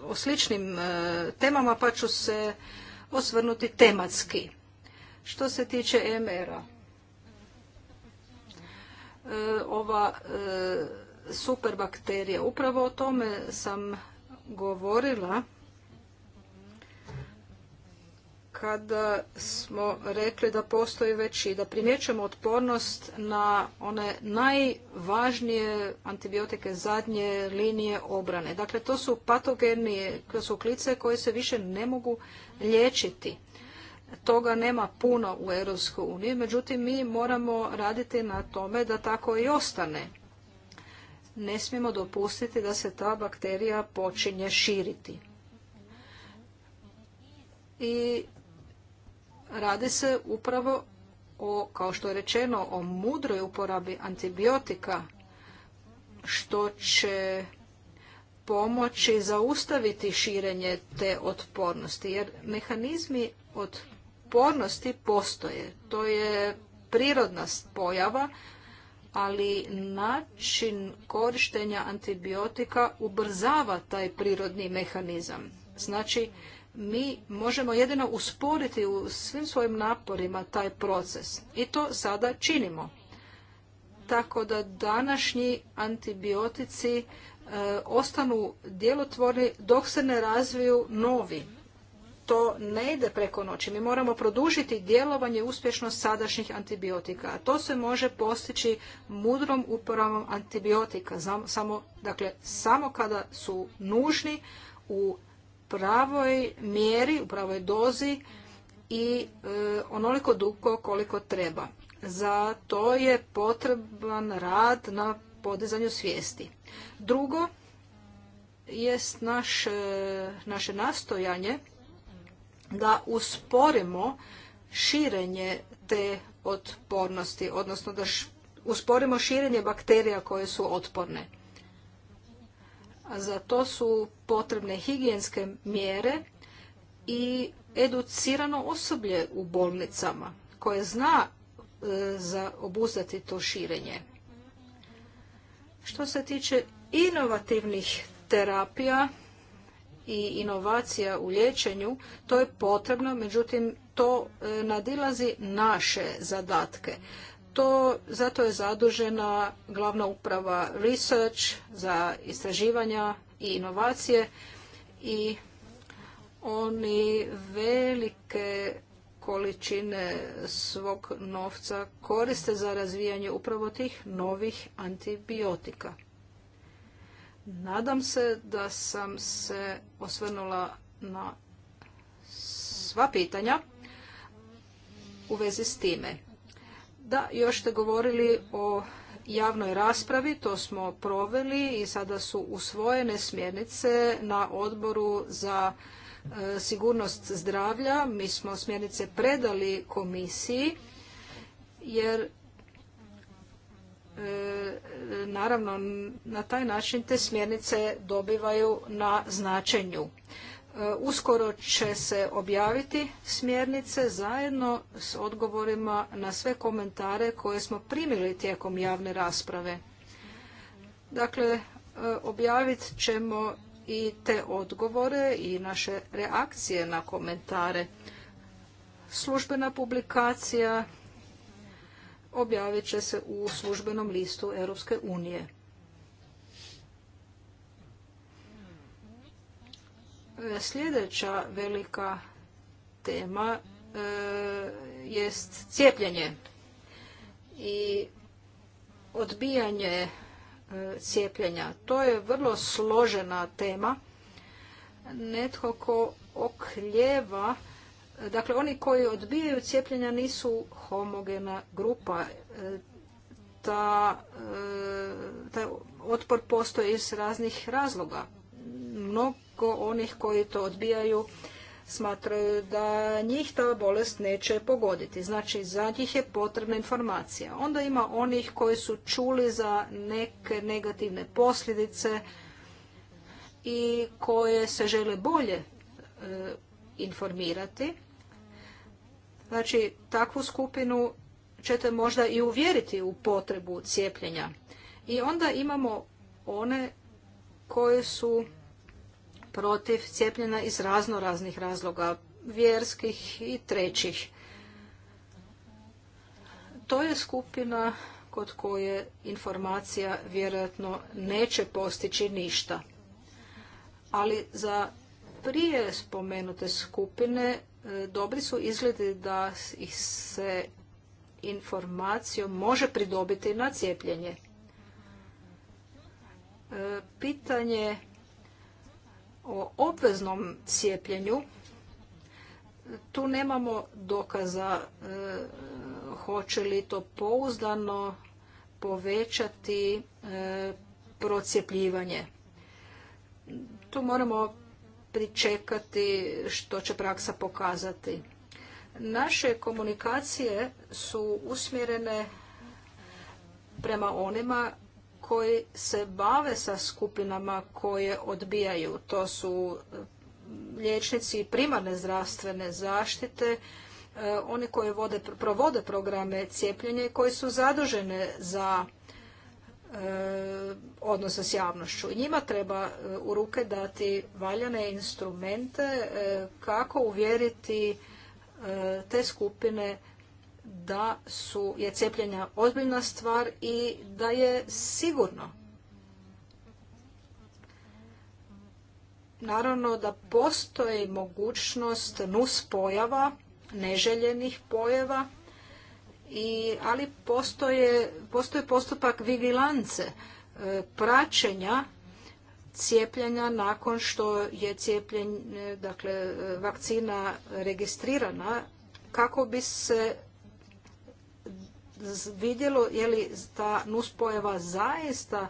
o sličnim e, temama pa ću se osvrnuti tematski. Što se tiče MR-a, e, ova e, superbakterija, upravo o tome sam govorila kada smo rekli da postoji već i da primjećujemo otpornost na one najvažnije antibiotike zadnje linije obrane. Dakle, to su patogeni klice koje se više ne mogu liječiti. Toga nema puno u EU. međutim mi moramo raditi na tome da tako i ostane. Ne smijemo dopustiti da se ta bakterija počinje širiti i Radi se upravo o, kao što je rečeno, o mudroj uporabi antibiotika, što će pomoći zaustaviti širenje te otpornosti, jer mehanizmi otpornosti postoje. To je prirodna pojava, ali način korištenja antibiotika ubrzava taj prirodni mehanizam. Znači, mi možemo jedino usporiti u svim svojim naporima taj proces. I to sada činimo. Tako da današnji antibiotici e, ostanu djelotvorni dok se ne razviju novi. To ne ide preko noći. Mi moramo produžiti djelovanje uspješnost sadašnjih antibiotika. A to se može postići mudrom uporabom antibiotika. Samo, dakle, samo kada su nužni u pravoj mjeri, u pravoj dozi i e, onoliko dugo koliko treba. Za to je potreban rad na podizanju svijesti. Drugo jest e, naše nastojanje da usporimo širenje te otpornosti, odnosno da usporimo širenje bakterija koje su otporne a za to su potrebne higijenske mjere i educirano osoblje u bolnicama koje zna e, za obuzdati to širenje. Što se tiče inovativnih terapija i inovacija u liječenju, to je potrebno, međutim to e, nadilazi naše zadatke to, zato je zadužena glavna uprava Research za istraživanja i inovacije i oni velike količine svog novca koriste za razvijanje upravo tih novih antibiotika. Nadam se da sam se osvrnula na sva pitanja u vezi s time. Da, još ste govorili o javnoj raspravi, to smo proveli i sada su usvojene smjernice na odboru za e, sigurnost zdravlja. Mi smo smjernice predali komisiji jer e, naravno na taj način te smjernice dobivaju na značenju. E, uskoro će se objaviti smjernice zajedno s odgovorima na sve komentare koje smo primili tijekom javne rasprave. Dakle, e, objavit ćemo i te odgovore i naše reakcije na komentare. Službena publikacija objavit će se u službenom listu Europske unije. Sljedeća velika tema e, jest cijepljenje i odbijanje e, cijepljenja. To je vrlo složena tema. Netko ko okljeva, dakle oni koji odbijaju cijepljenja nisu homogena grupa. E, ta, e, taj otpor postoji iz raznih razloga. Mnogo onih koji to odbijaju smatraju da njih ta bolest neće pogoditi. Znači, za njih je potrebna informacija. Onda ima onih koji su čuli za neke negativne posljedice i koje se žele bolje e, informirati. Znači, takvu skupinu ćete možda i uvjeriti u potrebu cijepljenja. I onda imamo one koje su protiv cijepljenja iz razno raznih razloga, vjerskih i trećih. To je skupina kod koje informacija vjerojatno neće postići ništa. Ali za prije spomenute skupine e, dobri su izgledi da ih se informacijom može pridobiti na cijepljenje. E, pitanje o obveznom cijepljenju, tu nemamo dokaza e, hoće li to pouzdano povećati e, procijepljivanje. Tu moramo pričekati što će praksa pokazati. Naše komunikacije su usmjerene prema onima koji se bave sa skupinama koje odbijaju. To su e, liječnici primarne zdravstvene zaštite, e, oni koji vode, provode programe cijepljenja i koji su zadužene za e, odnose s javnošću. Njima treba u ruke dati valjane instrumente kako uvjeriti te skupine da su, je cepljenje ozbiljna stvar i da je sigurno. Naravno da postoji mogućnost pojava neželjenih pojava, i, ali postoje, postoji postupak vigilance, e, praćenja cijepljenja nakon što je cijepljen, e, dakle, e, vakcina registrirana kako bi se vidjelo je li ta nuspojava zaista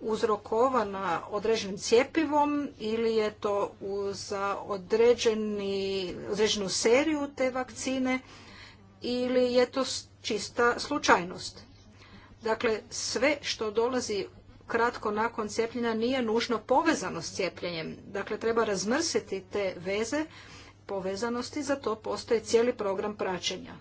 uzrokovana određenim cjepivom ili je to za određenu seriju te vakcine ili je to čista slučajnost. Dakle, sve što dolazi kratko nakon cijepljenja nije nužno povezano s cijepljenjem. Dakle, treba razmrsiti te veze povezanosti, za to postoji cijeli program praćenja.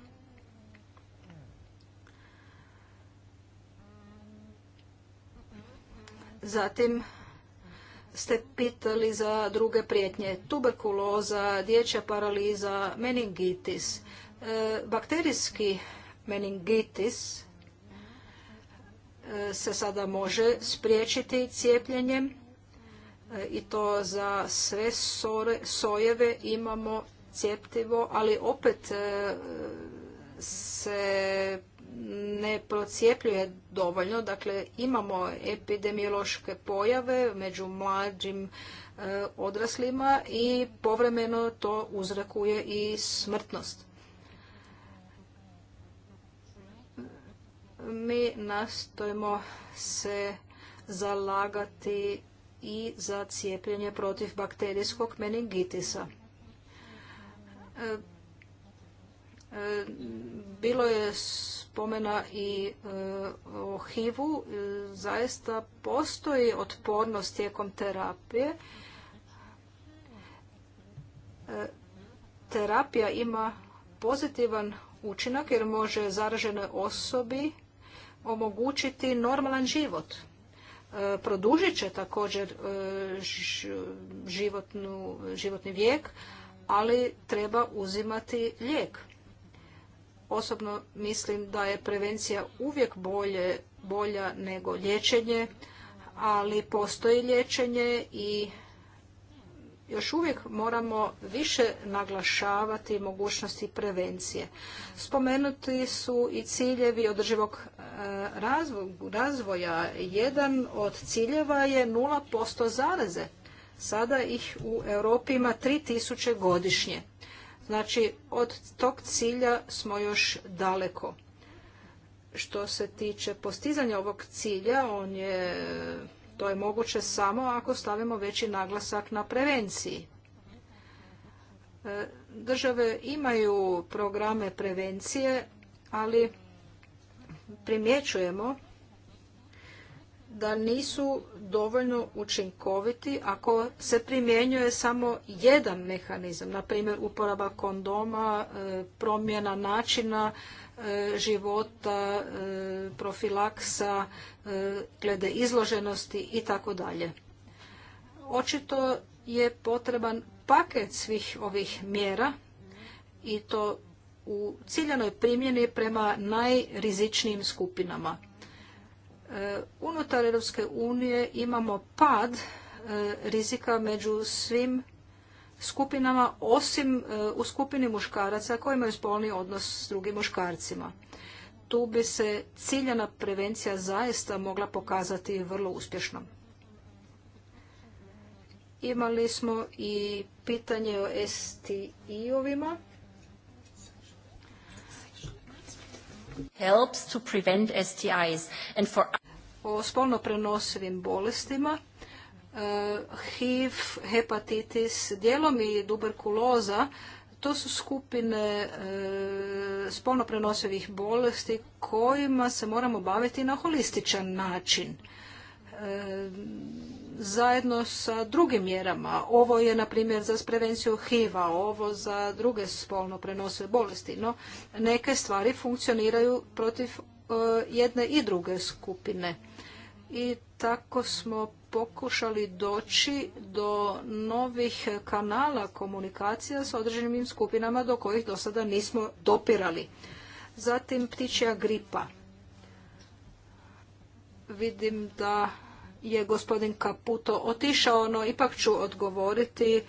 Zatim ste pitali za druge prijetnje, tuberkuloza, dječja paraliza, meningitis. E, bakterijski meningitis e, se sada može spriječiti cijepljenjem e, i to za sve sojeve imamo cijeptivo, ali opet se ne procijepljuje dovoljno. Dakle, imamo epidemiološke pojave među mlađim e, odraslima i povremeno to uzrakuje i smrtnost. Mi nastojimo se zalagati i za cijepljenje protiv bakterijskog meningitisa. E, E, bilo je spomena i e, o HIV-u. E, zaista postoji otpornost tijekom terapije. Terapija ima pozitivan učinak jer može zaražene osobi omogućiti normalan život. Produžit će također životni vijek, ali treba uzimati lijek. Osobno mislim da je prevencija uvijek bolje, bolja nego liječenje, ali postoji liječenje i još uvijek moramo više naglašavati mogućnosti prevencije. Spomenuti su i ciljevi održivog e, razvoja. Jedan od ciljeva je 0% zaraze. Sada ih u Europi ima 3000 godišnje. Znači, od tog cilja smo još daleko. Što se tiče postizanja ovog cilja, on je, to je moguće samo ako stavimo veći naglasak na prevenciji. E, države imaju programe prevencije, ali primjećujemo da nisu dovoljno učinkoviti ako se primjenjuje samo jedan mehanizam, na primjer uporaba kondoma, e, promjena načina e, života, e, profilaksa, glede izloženosti i tako dalje. Očito je potreban paket svih ovih mjera i to u ciljanoj primjeni prema najrizičnijim skupinama E, unutar Europske unije imamo pad e, rizika među svim skupinama osim e, u skupini muškaraca koji imaju spolni odnos s drugim muškarcima. Tu bi se ciljena prevencija zaista mogla pokazati vrlo uspješnom. Imali smo i pitanje o STI-ovima. Helps to prevent STIs and for o spolno prenosivim bolestima, eh, HIV, hepatitis, dijelom i tuberkuloza, to su skupine eh, spolno prenosivih bolesti kojima se moramo baviti na holističan način eh, zajedno sa drugim mjerama. Ovo je, na primjer, za prevenciju HIV-a, ovo za druge spolno prenose bolesti, no neke stvari funkcioniraju protiv jedne i druge skupine i tako smo pokušali doći do novih kanala komunikacija s određenim skupinama do kojih do sada nismo dopirali. Zatim ptičja gripa. Vidim da je gospodin Kaputo otišao, no ipak ću odgovoriti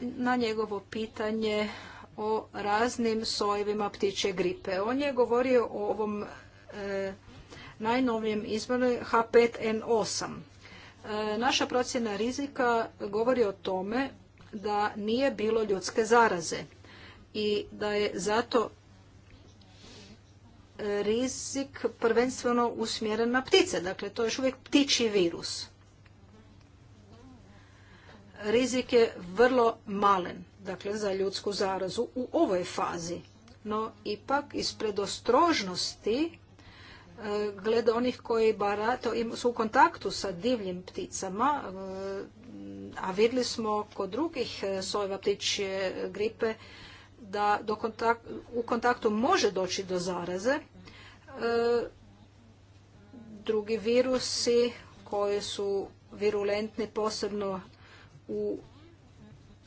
na njegovo pitanje o raznim sojevima ptiče gripe. On je govorio o ovom e, najnovijem izmjene H5N8. E, naša procjena rizika govori o tome da nije bilo ljudske zaraze i da je zato rizik prvenstveno usmjeren na ptice. Dakle, to je još uvijek ptiči virus. Rizik je vrlo malen, dakle, za ljudsku zarazu u ovoj fazi. No, ipak, iz predostrožnosti glede onih koji barato, su u kontaktu sa divljim pticama, e, a vidjeli smo kod drugih e, sojeva ptičje gripe da do u kontaktu može doći do zaraze. E, drugi virusi koji su virulentni posebno u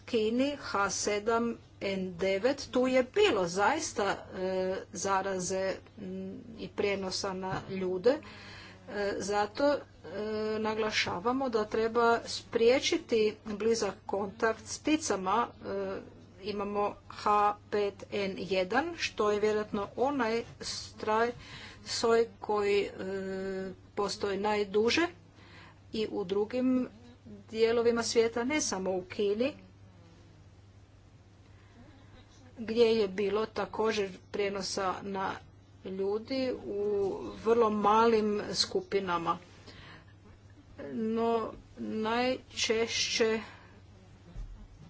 Kini, H7 N9, tu je bilo zaista e, zaraze mm, i prijenosa na ljude. E, zato e, naglašavamo da treba spriječiti blizak kontakt s pticama. Imamo H5N1, što je vjerojatno onaj straj soj koji postoji najduže i u drugim dijelovima svijeta, ne samo u Kini gdje je bilo također prijenosa na ljudi u vrlo malim skupinama. No najčešće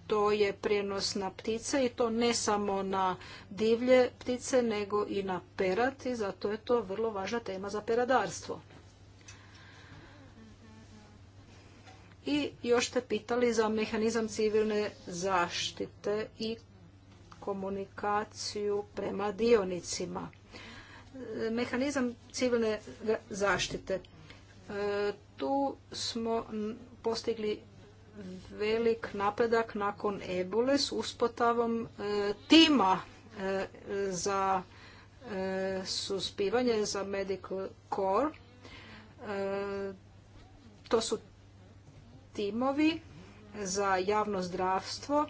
to je prijenos na ptice i to ne samo na divlje ptice nego i na perat i zato je to vrlo važna tema za peradarstvo. I još ste pitali za mehanizam civilne zaštite i komunikaciju prema dionicima. E, mehanizam civilne zaštite. E, tu smo postigli velik napredak nakon ebole s uspotavom e, tima za suspivanje za medical core. To su timovi za javno zdravstvo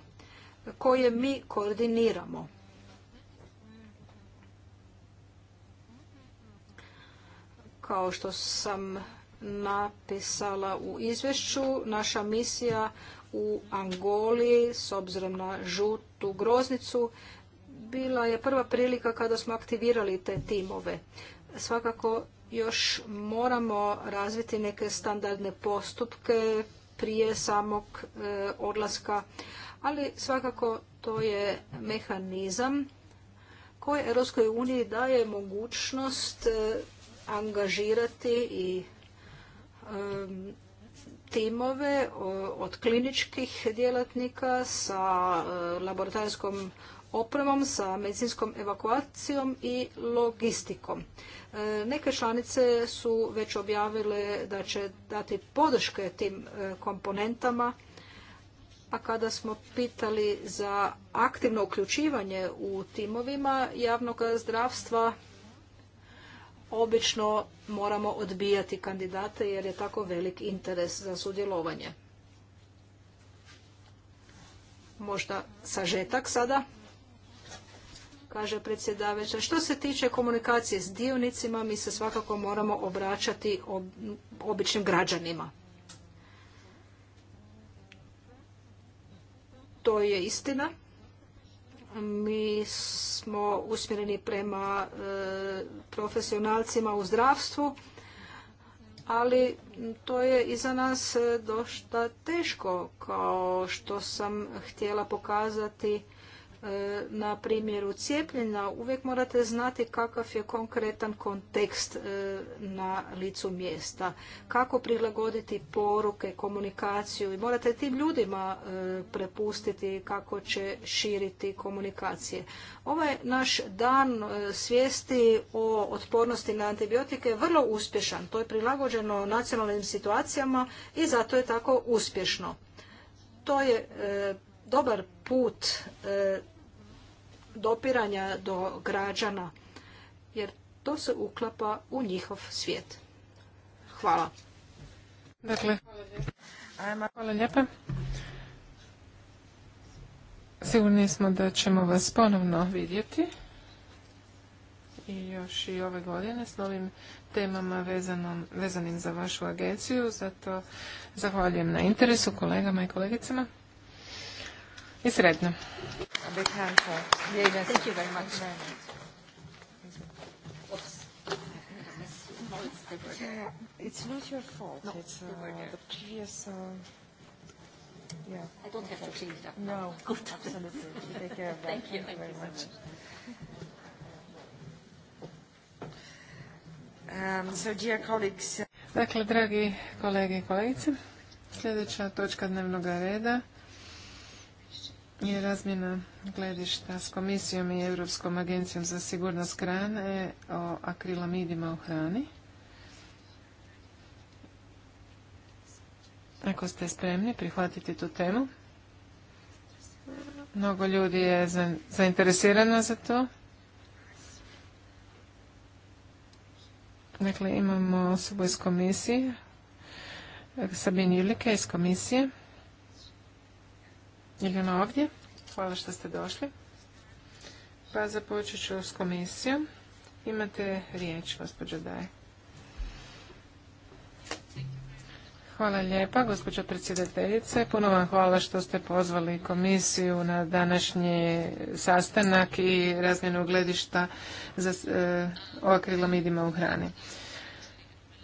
koje mi koordiniramo. Kao što sam napisala u izvješću, naša misija u Angoli s obzirom na žutu groznicu bila je prva prilika kada smo aktivirali te timove. Svakako još moramo razviti neke standardne postupke prije samog e, odlaska ali svakako to je mehanizam koji Europskoj uniji daje mogućnost e, angažirati i timove od kliničkih djelatnika sa e, laboratorijskom opremom, sa medicinskom evakuacijom i logistikom. E, neke članice su već objavile da će dati podrške tim komponentama a kada smo pitali za aktivno uključivanje u timovima javnog zdravstva, obično moramo odbijati kandidate jer je tako velik interes za sudjelovanje. Možda sažetak sada, kaže predsjedavajuća. Što se tiče komunikacije s dionicima, mi se svakako moramo obraćati običnim građanima to je istina. Mi smo usmjereni prema e, profesionalcima u zdravstvu, ali to je i za nas e, dosta teško, kao što sam htjela pokazati E, na primjeru cijepljenja uvijek morate znati kakav je konkretan kontekst e, na licu mjesta, kako prilagoditi poruke, komunikaciju i morate tim ljudima e, prepustiti kako će širiti komunikacije. Ovaj naš dan svijesti o otpornosti na antibiotike je vrlo uspješan. To je prilagođeno nacionalnim situacijama i zato je tako uspješno. To je dobar put e, dopiranja do građana, jer to se uklapa u njihov svijet. Hvala. Dakle, hvala lijepa. Sigurni smo da ćemo vas ponovno vidjeti i još i ove godine s novim temama vezanim za vašu agenciju. Zato zahvaljujem na interesu kolegama i kolegicama i sretno. It's not your fault. No, it's uh, the previous. Uh, yeah. I don't have to change that. No, Good. absolutely. <laughs> Take care of that. Thank you. Thank you very much. Um, so, dear colleagues. Dakle, dragi kolege i kolegice, sljedeća točka dnevnog reda je razmjena gledišta s Komisijom i Europskom agencijom za sigurnost hrane o akrilamidima u hrani. Ako ste spremni prihvatiti tu temu. Mnogo ljudi je zainteresirano za to. Dakle, imamo osobu iz komisije, Sabin Julike iz komisije. Idemo ovdje. Hvala što ste došli. Pa započet ću s komisijom. Imate riječ, gospođo Daje. Hvala lijepa, gospođo predsjedateljice. Puno vam hvala što ste pozvali komisiju na današnji sastanak i razmjenu gledišta za e, o akrilamidima u hrani.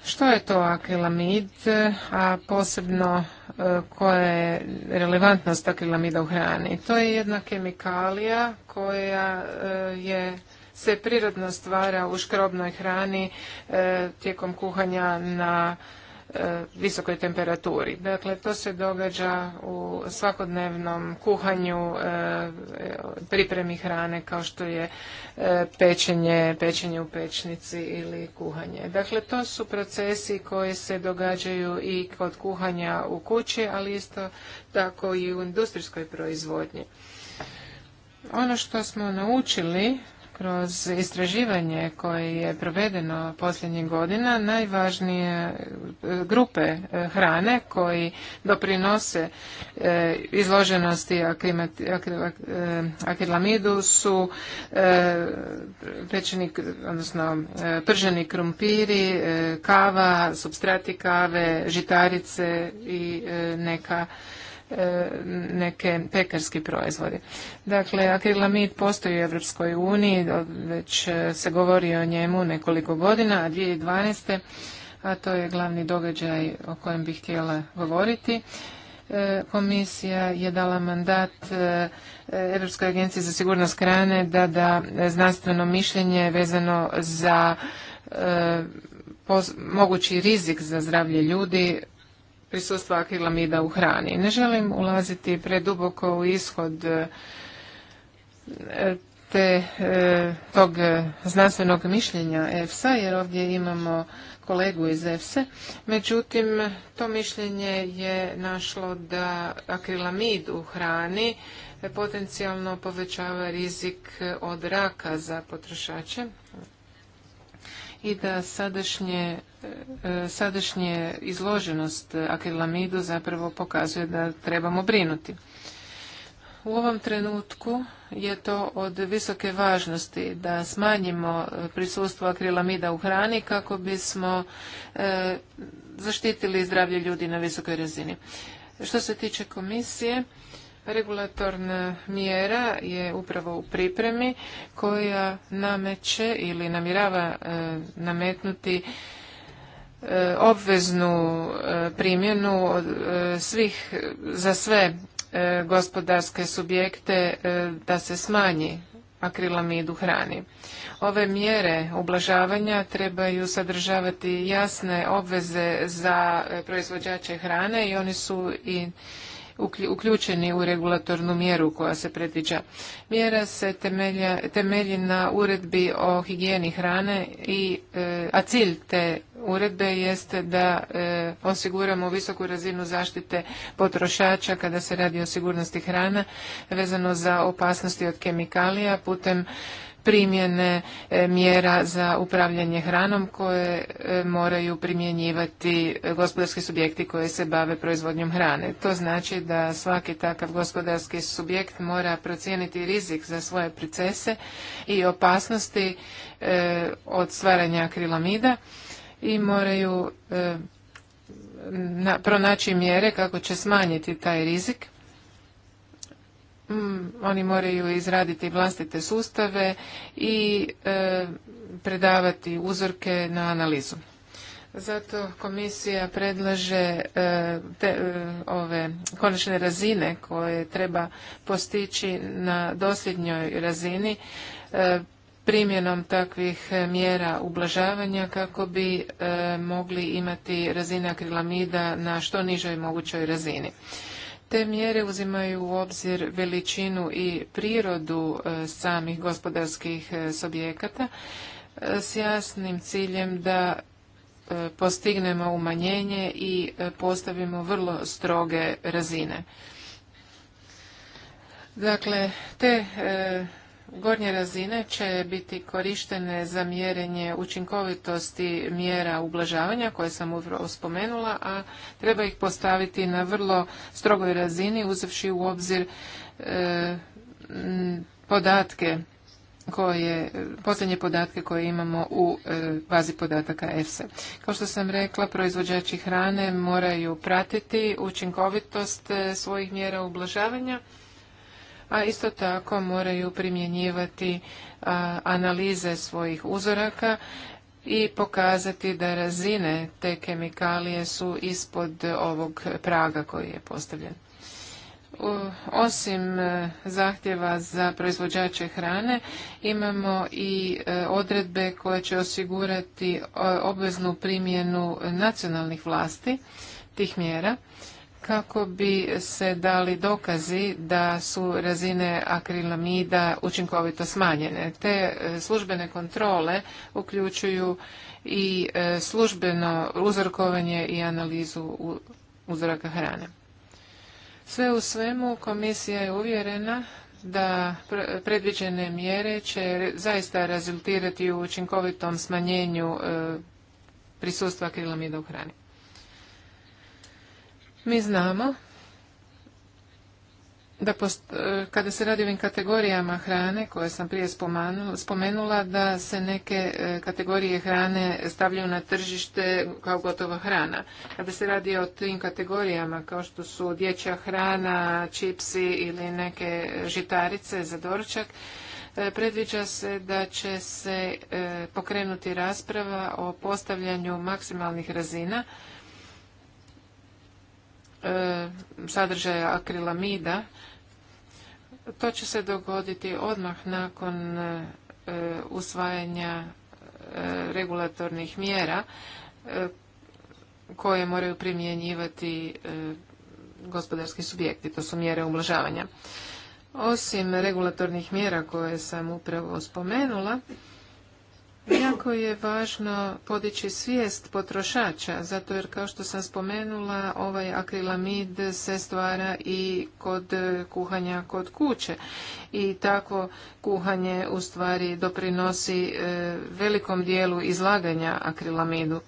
Što je to akrilamid, a posebno e, koja je relevantnost akrilamida u hrani? To je jedna kemikalija koja e, je se prirodno stvara u škrobnoj hrani e, tijekom kuhanja na E, visokoj temperaturi. Dakle, to se događa u svakodnevnom kuhanju, e, pripremi hrane kao što je e, pečenje, pečenje u pečnici ili kuhanje. Dakle, to su procesi koji se događaju i kod kuhanja u kući, ali isto tako i u industrijskoj proizvodnji. Ono što smo naučili kroz istraživanje koje je provedeno posljednjih godina, najvažnije e, grupe e, hrane koji doprinose e, izloženosti akilamidu su pečeni, odnosno prženi krumpiri, kava, substrati kave, žitarice i neka E, neke pekarski proizvodi. Dakle, akrilamid postoji u Evropskoj uniji, već e, se govori o njemu nekoliko godina, a 2012. a to je glavni događaj o kojem bih htjela govoriti. E, komisija je dala mandat Europskoj agenciji za sigurnost hrane da da znanstveno mišljenje vezano za mogući rizik za zdravlje ljudi prisustva akrilamida u hrani. Ne želim ulaziti preduboko u ishod e, te e, tog znanstvenog mišljenja EFSA, jer ovdje imamo kolegu iz EFSA. Međutim, to mišljenje je našlo da akrilamid u hrani potencijalno povećava rizik od raka za potrošače, i da sadašnje, e, sadašnje izloženost akrilamidu zapravo pokazuje da trebamo brinuti. U ovom trenutku je to od visoke važnosti da smanjimo prisustvo akrilamida u hrani kako bismo e, zaštitili zdravlje ljudi na visokoj razini. Što se tiče komisije, Regulatorna mjera je upravo u pripremi koja nameće ili namirava e, nametnuti e, obveznu e, primjenu svih za sve gospodarske subjekte da se smanji akrilamid u hrani. Ove mjere ublažavanja trebaju sadržavati jasne obveze za proizvođače hrane i oni su i uključeni u regulatornu mjeru koja se predviđa. Mjera se temelji na uredbi o higijeni hrane, e, a cilj te uredbe jeste da e, osiguramo visoku razinu zaštite potrošača kada se radi o sigurnosti hrana vezano za opasnosti od kemikalija putem primjene e, mjera za upravljanje hranom koje e, moraju primjenjivati gospodarski subjekti koji se bave proizvodnjom hrane. To znači da svaki takav gospodarski subjekt mora procijeniti rizik za svoje procese i opasnosti e, od stvaranja akrilamida i moraju pronaći mjere kako će smanjiti taj rizik Mm, oni moraju izraditi vlastite sustave i e, predavati uzorke na analizu. Zato komisija predlaže e, te, e, ove konačne razine koje treba postići na dosljednjoj razini primjenom takvih mjera ublažavanja kako bi mogli imati razina akrilamida na što nižoj mogućoj razini. Te mjere uzimaju u obzir veličinu i prirodu e, samih gospodarskih e, subjekata e, s jasnim ciljem da postignemo umanjenje i postavimo vrlo stroge razine. Dakle, te Gornje razine će biti korištene za mjerenje učinkovitosti mjera ublažavanja koje sam upravo spomenula, a treba ih postaviti na vrlo strogoj razini uzevši u obzir e, podatke koje, posljednje podatke koje imamo u e, bazi podataka EFSA. Kao što sam rekla, proizvođači hrane moraju pratiti učinkovitost e, svojih mjera ublažavanja a isto tako moraju primjenjivati analize svojih uzoraka i pokazati da razine te kemikalije su ispod ovog praga koji je postavljen. Osim e, zahtjeva za proizvođače hrane, imamo i e, odredbe koje će osigurati e, obveznu primjenu nacionalnih vlasti tih mjera kako bi se dali dokazi da su razine akrilamida učinkovito smanjene. Te e, službene kontrole uključuju i e, službeno uzorkovanje i analizu uzoraka hrane. Sve u svemu komisija je uvjerena da predviđene mjere će zaista rezultirati u učinkovitom smanjenju e, prisustva akrilamida u hrani. Mi znamo da e, kada se radi o ovim kategorijama hrane koje sam prije spomenula da se neke e, kategorije hrane stavljaju na tržište kao gotova hrana. Kada se radi o tim kategorijama kao što su dječja hrana, čipsi ili neke žitarice za doručak, e, predviđa se da će se pokrenuti rasprava o postavljanju maksimalnih razina E, sadržaja akrilamida. To će se dogoditi odmah nakon e, usvajanja e, regulatornih mjera koje moraju primjenjivati gospodarski subjekti. To su mjere ublažavanja. Osim regulatornih mjera koje sam upravo spomenula, Jako je važno podići svijest potrošača, zato jer kao što sam spomenula, ovaj akrilamid se stvara i kod e, kuhanja kod kuće. I tako kuhanje u stvari doprinosi e, velikom dijelu izlaganja akrilamidu.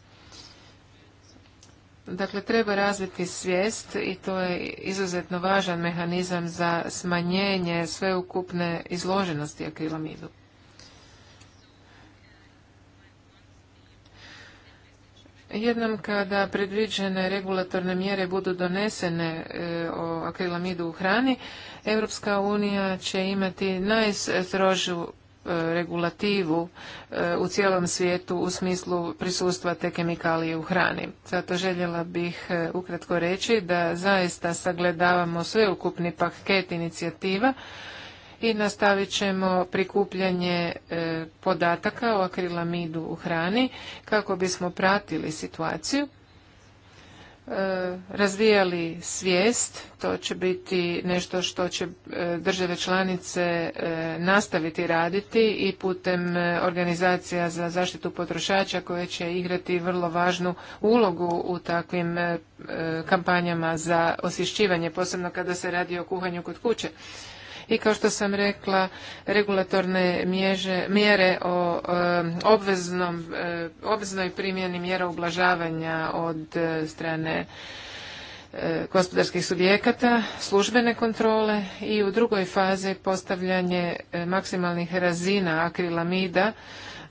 Dakle, treba razviti svijest i to je izuzetno važan mehanizam za smanjenje sveukupne izloženosti akrilamidu. Jednom kada predviđene regulatorne mjere budu donesene e, o akrilamidu u hrani, Europska unija će imati najstrožu e, regulativu e, u cijelom svijetu u smislu prisustva te kemikalije u hrani. Zato željela bih ukratko reći da zaista sagledavamo sveukupni paket inicijativa i nastavit ćemo prikupljanje e, podataka o akrilamidu u hrani kako bismo pratili situaciju e, razvijali svijest, to će biti nešto što će e, države članice nastaviti raditi i putem organizacija za zaštitu potrošača koje će igrati vrlo važnu ulogu u takvim kampanjama za osvješćivanje, posebno kada se radi o kuhanju kod kuće i kao što sam rekla regulatorne mježe, mjere o obveznom, eh, obveznoj primjeni mjera ublažavanja od eh, strane eh, gospodarskih subjekata, službene kontrole i u drugoj fazi postavljanje maksimalnih razina akrilamida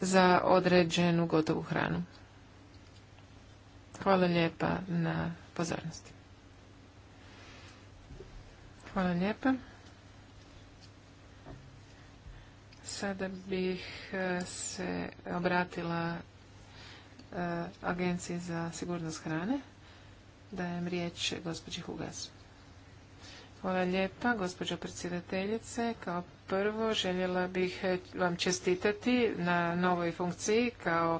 za određenu gotovu hranu. Hvala lijepa na pozornosti. Hvala lijepa. Sada bih e, se obratila e, Agenciji za sigurnost hrane. Dajem riječ gospođi Hugas. Hvala lijepa, gospođo predsjedateljice. Kao prvo željela bih e, vam čestitati na novoj funkciji kao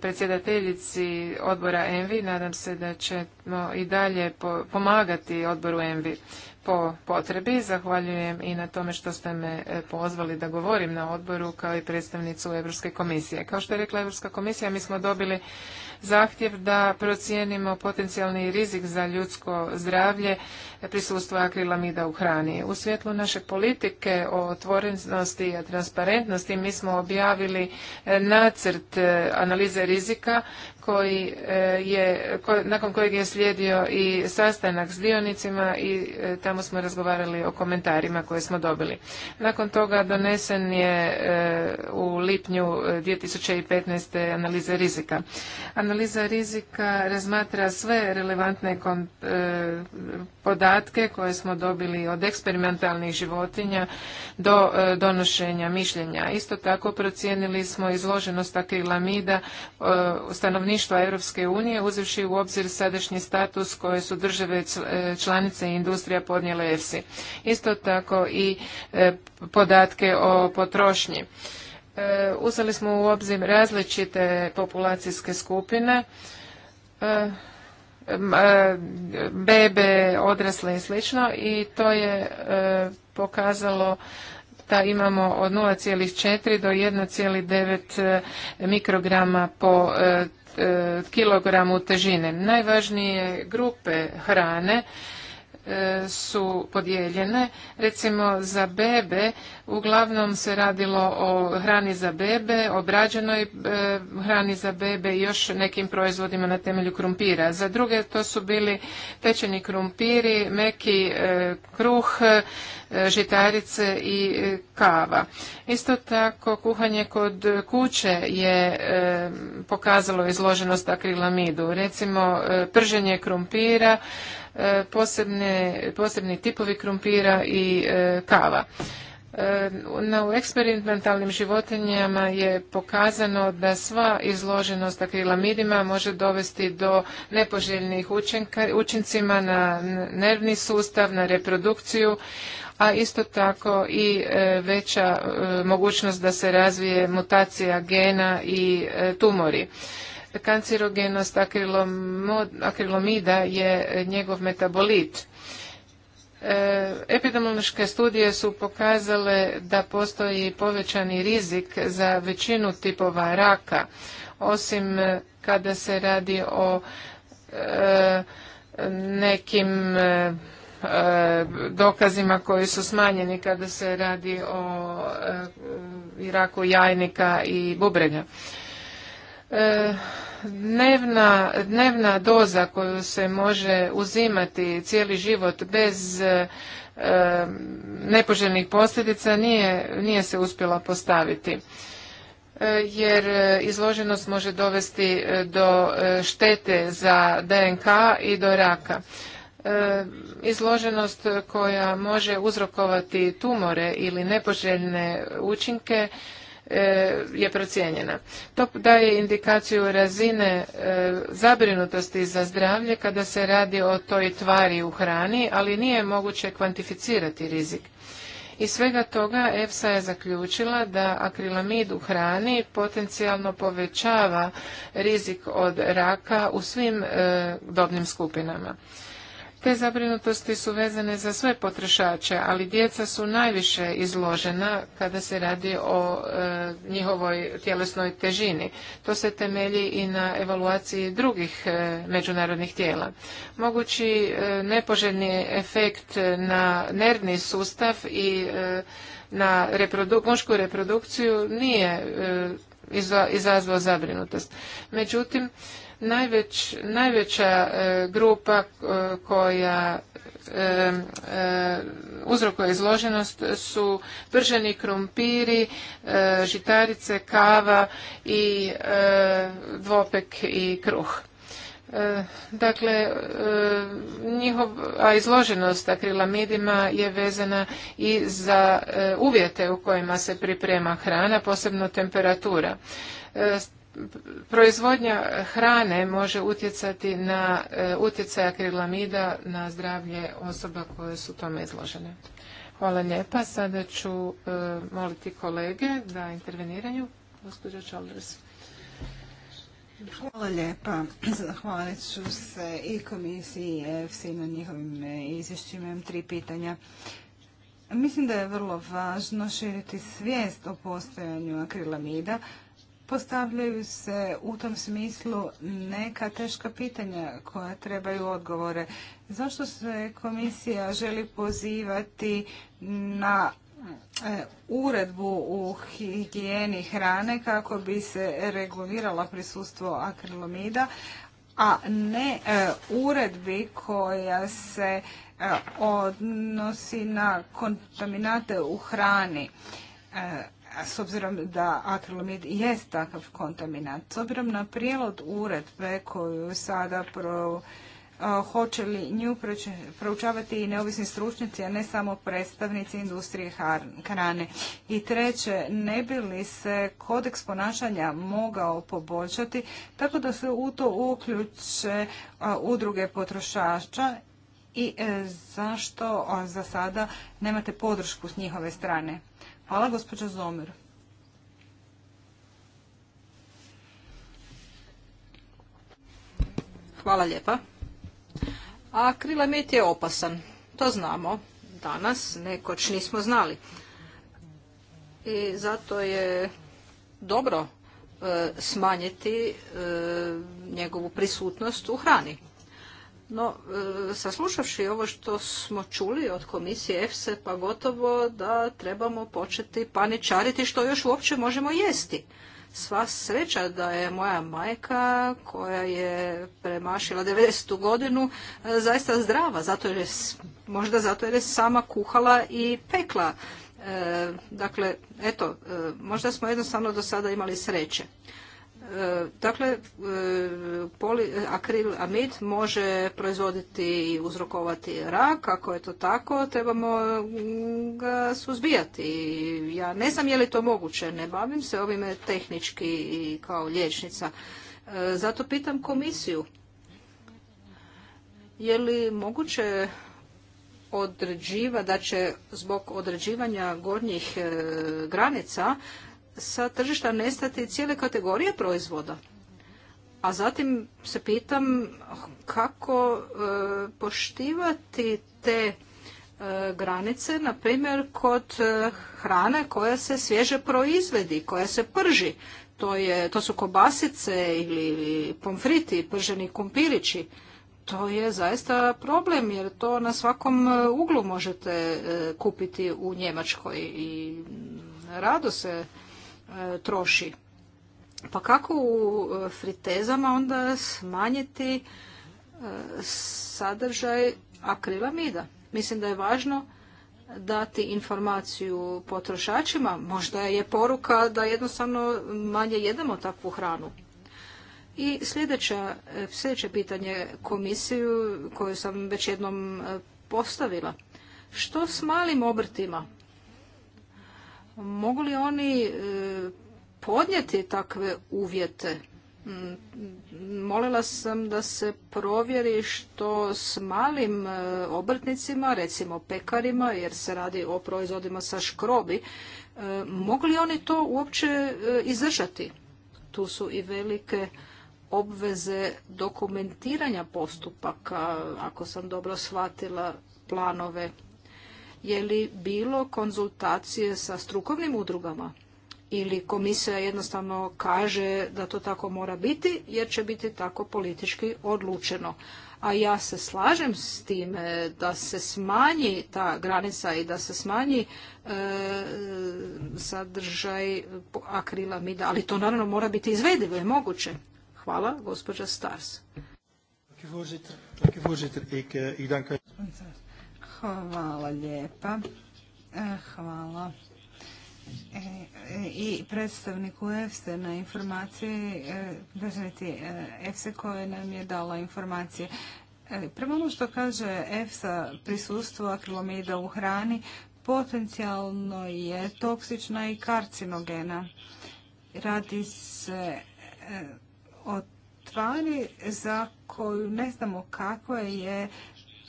predsjedateljici odbora ENVI. Nadam se da ćemo i dalje pomagati odboru ENVI po potrebi. Zahvaljujem i na tome što ste me e, pozvali da govorim na odboru kao i predstavnicu Europske komisije. Kao što je rekla Europska komisija, mi smo dobili zahtjev da procijenimo potencijalni rizik za ljudsko zdravlje e, prisustva akrilamida u hrani. U svjetlu naše politike o otvorenosti i transparentnosti mi smo objavili e, nacrt analize rizika koji e, je, nakon kojeg je slijedio i sastanak s dionicima i e, tamo smo razgovarali o komentarima koje smo dobili. Nakon toga donesen je e, u lipnju 2015. analiza rizika. Analiza rizika razmatra sve relevantne podatke koje smo dobili od eksperimentalnih životinja do donošenja mišljenja. Isto tako procijenili smo izloženost akrilamida stanovnika stanovništva Europske unije uzevši u obzir sadašnji status koje su države e, članice i industrija podnijele EFSI. Isto tako i e, podatke o potrošnji. E, uzeli smo u obzir različite populacijske skupine, bebe, odrasle i slično i to je pokazalo da imamo od 0,4 do 1,9 mikrograma po E, kilogramu težine. Najvažnije grupe hrane e, su podijeljene. Recimo za bebe uglavnom se radilo o hrani za bebe, obrađenoj e, hrani za bebe i još nekim proizvodima na temelju krumpira. Za druge to su bili pečeni krumpiri, meki kruh, žitarice i e, kava. Isto tako kuhanje kod kuće je e, pokazalo izloženost akrilamidu. Recimo e, prženje krumpira, posebni tipovi krumpira i kava. Na, u eksperimentalnim životinjama je pokazano da sva izloženost akrilamidima može dovesti do nepoželjnih učincima na nervni sustav, na reprodukciju, a isto tako i e, veća e, mogućnost da se razvije mutacija gena i e, tumori. Kancerogenost akrilomida je njegov metabolit. Epidemiološke studije su pokazale da postoji povećani rizik za većinu tipova raka, osim kada se radi o nekim Eh, dokazima koji su smanjeni kada se radi o eh, Iraku jajnika i bubrega. Eh, dnevna, dnevna doza koju se može uzimati cijeli život bez nepoželjnih posljedica nije, nije se uspjela postaviti jer izloženost može dovesti do štete za DNK i do raka. E, izloženost koja može uzrokovati tumore ili nepoželjne učinke e, je procijenjena. To daje indikaciju razine e, zabrinutosti za zdravlje kada se radi o toj tvari u hrani, ali nije moguće kvantificirati rizik. Iz svega toga EFSA je zaključila da akrilamid u hrani potencijalno povećava rizik od raka u svim dobnim skupinama. Te zabrinutosti su vezane za sve potrošače, ali djeca su najviše izložena kada se radi o e, njihovoj tjelesnoj težini. To se temelji i na evaluaciji drugih e, međunarodnih tijela. Mogući e, nepoželjni efekt na nervni sustav i na reprodu, mušku reprodukciju nije izazvao zabrinutost. Međutim, najveća e, grupa e, koja e, e, uzrokuje izloženost su prženi krumpiri, žitarice, kava i dvopek i kruh. Dakle, njihova izloženost akrilamidima je vezana i za uvjete u kojima se priprema hrana, posebno temperatura proizvodnja hrane može utjecati na e, utjecaj akrilamida na zdravlje osoba koje su tome izložene. Hvala lijepa. Sada ću e, moliti kolege da interveniraju. Gospođa Čaldres. Hvala lijepa. <clears throat> Zahvalit ću se i komisiji i EFSI na njihovim e, izvješćima. Imam tri pitanja. Mislim da je vrlo važno širiti svijest o postojanju akrilamida, Postavljaju se u tom smislu neka teška pitanja koja trebaju odgovore. Zašto se komisija želi pozivati na e, uredbu u higijeni hrane kako bi se regulirala prisustvo akrilomida, a ne e, uredbi koja se e, odnosi na kontaminate u hrani s obzirom da akrilamid jest takav kontaminant, s obzirom na prijelod uredbe koju sada pro, e, hoće li nju proučavati i neovisni stručnjaci, a ne samo predstavnici industrije hrane. I treće, ne bi li se kodeks ponašanja mogao poboljšati tako da se u to uključe e, udruge potrošača i e, zašto za sada nemate podršku s njihove strane? Hvala, gospođo Zomer. Hvala lijepa. A krilamet je opasan. To znamo. Danas nekoć nismo znali. I zato je dobro e, smanjiti e, njegovu prisutnost u hrani. No, e, saslušavši ovo što smo čuli od komisije EFSE, pa gotovo da trebamo početi paničariti što još uopće možemo jesti. Sva sreća da je moja majka, koja je premašila 90. godinu, e, zaista zdrava, zato je, možda zato jer je sama kuhala i pekla. E, dakle, eto, možda smo jednostavno do sada imali sreće. Dakle, e, akrilamid može proizvoditi i uzrokovati rak, ako je to tako, trebamo ga suzbijati. Ja ne znam je li to moguće, ne bavim se ovime tehnički i kao liječnica. E, zato pitam komisiju, je li moguće određiva, da će zbog određivanja gornjih e, granica sa tržišta nestati cijele kategorije proizvoda. A zatim se pitam kako e, poštivati te e, granice, na primjer kod e, hrane koja se svježe proizvedi, koja se prži. To, je, to su kobasice ili pomfriti, prženi kumpirići. To je zaista problem jer to na svakom uglu možete kupiti u Njemačkoj i rado se E, troši. Pa kako u e, fritezama onda smanjiti e, sadržaj akrilamida? Mislim da je važno dati informaciju potrošačima. Možda je poruka da jednostavno manje jedemo takvu hranu. I sljedeće, sljedeće pitanje komisiju koju sam već jednom postavila. Što s malim obrtima? Mogu li oni e, podnijeti takve uvjete? Mm, molila sam da se provjeri što s malim e, obrtnicima, recimo pekarima, jer se radi o proizvodima sa škrobi, e, mogu li oni to uopće izdržati? Tu su i velike obveze dokumentiranja postupaka, ako sam dobro shvatila planove je li bilo konzultacije sa strukovnim udrugama ili komisija jednostavno kaže da to tako mora biti jer će biti tako politički odlučeno. A ja se slažem s time da se smanji ta granica i da se smanji e, sadržaj akrilamida, ali to naravno mora biti izvedivo je moguće. Hvala, gospođa Stars. Ik, eh, Hvala lijepa. E, hvala e, i predstavniku EFSE e na informaciji, državiti EFSE koja nam je dala informacije. Prema ono što kaže EFSA, prisustvo akrilomida u hrani potencijalno je toksična i karcinogena. Radi se o tvari za koju ne znamo kakva je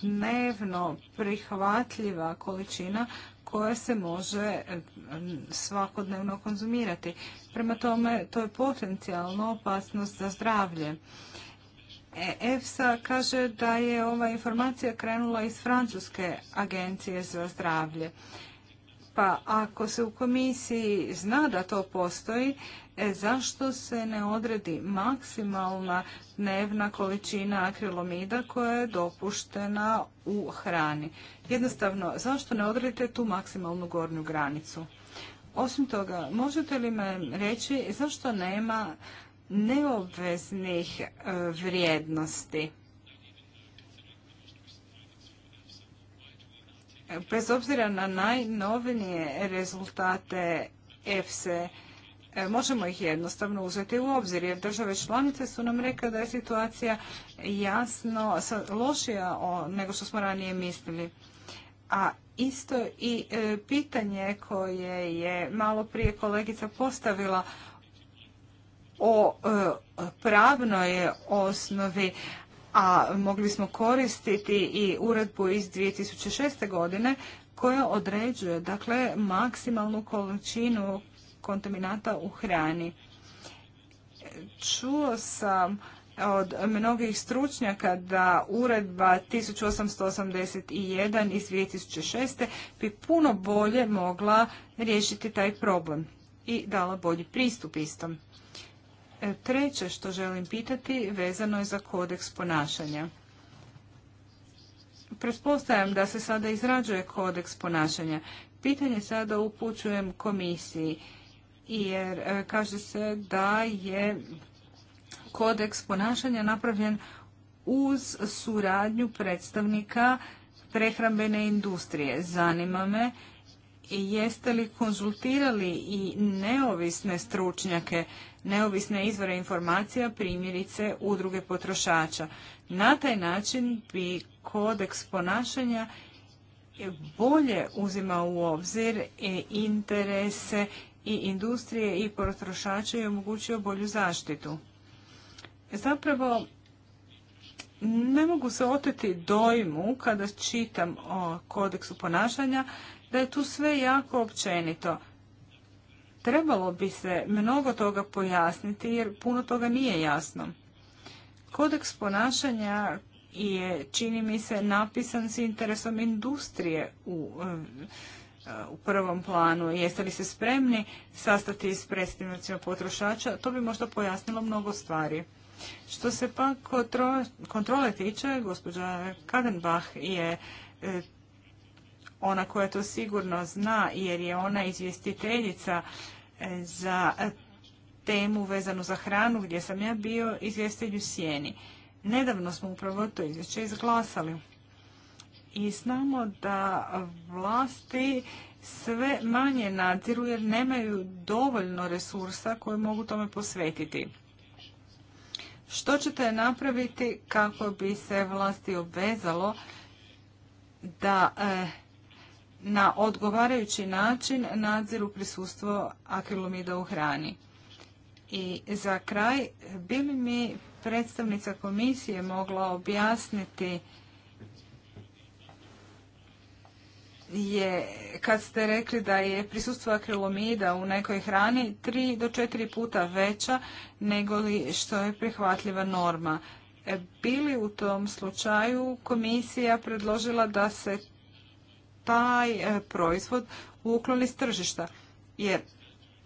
dnevno prihvatljiva količina koja se može eh, svakodnevno konzumirati. Prema tome, to je potencijalno opasnost za zdravlje. E, EFSA kaže da je ova informacija krenula iz Francuske agencije za zdravlje. Pa ako se u komisiji zna da to postoji, e, zašto se ne odredi maksimalna dnevna količina akrilomida koja je dopuštena u hrani? Jednostavno, zašto ne odredite tu maksimalnu gornju granicu? Osim toga, možete li me reći zašto nema neobveznih e, vrijednosti? bez obzira na najnovinije rezultate EFSE, možemo ih jednostavno uzeti u obzir, jer države članice su nam rekle da je situacija jasno lošija nego što smo ranije mislili. A isto i e, pitanje koje je malo prije kolegica postavila o e, pravnoj osnovi, a mogli bismo koristiti i uredbu iz 2006. godine koja određuje dakle maksimalnu količinu kontaminata u hrani. Čuo sam od mnogih stručnjaka da uredba 1881 iz 2006. bi puno bolje mogla riješiti taj problem i dala bolji pristup istom. E, treće što želim pitati vezano je za kodeks ponašanja. Pretpostavljam da se sada izrađuje kodeks ponašanja. Pitanje sada upućujem komisiji jer e, kaže se da je kodeks ponašanja napravljen uz suradnju predstavnika prehrambene industrije. Zanima me jeste li konzultirali i neovisne stručnjake, neovisne izvore informacija, primjerice udruge potrošača. Na taj način bi kodeks ponašanja bolje uzima u obzir interese i industrije i potrošača i omogućio bolju zaštitu. Zapravo, ne mogu se oteti dojmu kada čitam o kodeksu ponašanja da je tu sve jako općenito. Trebalo bi se mnogo toga pojasniti jer puno toga nije jasno. Kodeks ponašanja je, čini mi se, napisan s interesom industrije u, e, u prvom planu. Jeste li se spremni sastati s predstavnicima potrošača? To bi možda pojasnilo mnogo stvari. Što se pa kontrole tiče, gospođa Kadenbach je e, ona koja to sigurno zna jer je ona izvjestiteljica e, za e, temu vezanu za hranu gdje sam ja bio izvjestitelj u sjeni. Nedavno smo upravo to izvješće izglasali. I znamo da vlasti sve manje nadziru jer nemaju dovoljno resursa koje mogu tome posvetiti. Što ćete napraviti kako bi se vlasti obvezalo da e, na odgovarajući način nadziru prisustvo akrilomida u hrani. I za kraj, bi li mi predstavnica komisije mogla objasniti je, kad ste rekli da je prisustvo akrilomida u nekoj hrani tri do četiri puta veća nego što je prihvatljiva norma. E, Bili u tom slučaju komisija predložila da se taj e, proizvod ukloni s tržišta. Jer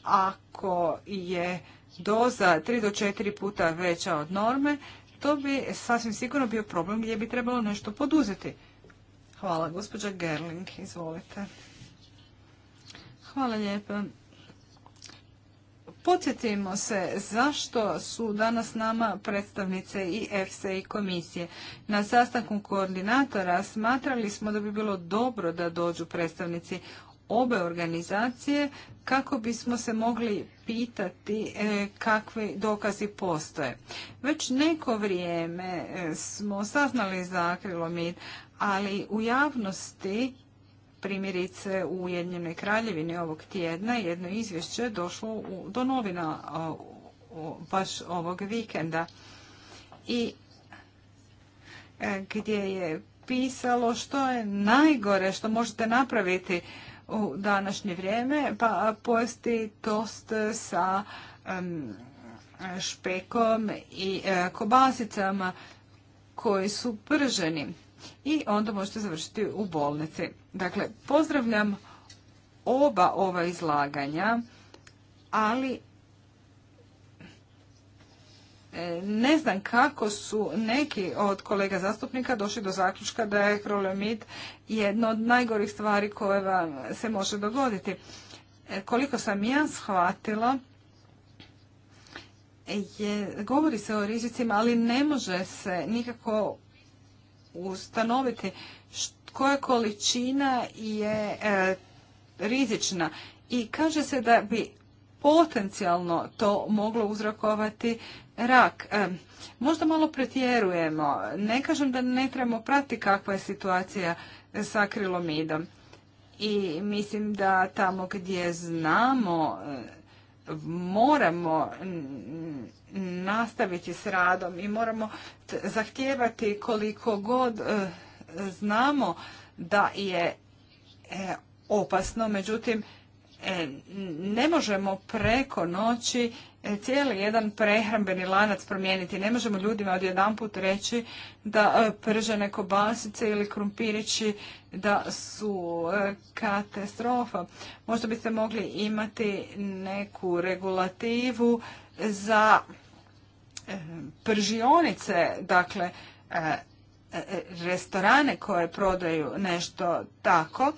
ako je doza 3 do 4 puta veća od norme, to bi sasvim sigurno bio problem gdje bi trebalo nešto poduzeti. Hvala, gospođa Gerling, izvolite. Hvala lijepa. Podsjetimo se zašto su danas nama predstavnice i EFSA i komisije. Na sastanku koordinatora smatrali smo da bi bilo dobro da dođu predstavnici obe organizacije kako bismo se mogli pitati e, kakvi dokazi postoje. Već neko vrijeme e, smo saznali za akrilomid, ali u javnosti primjerice u Ujedinjenoj kraljevini ovog tjedna jedno izvješće došlo do novina baš ovog vikenda i e, gdje je pisalo što je najgore što možete napraviti u današnje vrijeme pa pojesti tost sa špekom i e, kobasicama koji su prženi i onda možete završiti u bolnici. Dakle, pozdravljam oba ova izlaganja, ali e, ne znam kako su neki od kolega zastupnika došli do zaključka da je krolomid jedna od najgorih stvari koje vam se može dogoditi. E, koliko sam ja shvatila, je, govori se o rizicima, ali ne može se nikako ustanoviti koja količina je e, rizična i kaže se da bi potencijalno to moglo uzrokovati rak. E, možda malo pretjerujemo. Ne kažem da ne trebamo prati kakva je situacija sa akrilomidom. I mislim da tamo gdje znamo e, moramo nastaviti s radom i moramo zahtijevati koliko god znamo da je e, opasno, međutim e, ne možemo preko noći e, cijeli jedan prehrambeni lanac promijeniti. Ne možemo ljudima odjedanput reći da pržene kobasice ili krumpirići da su katastrofa. Možda biste mogli imati neku regulativu za pržionice, dakle E, e, restorane koje prodaju nešto tako,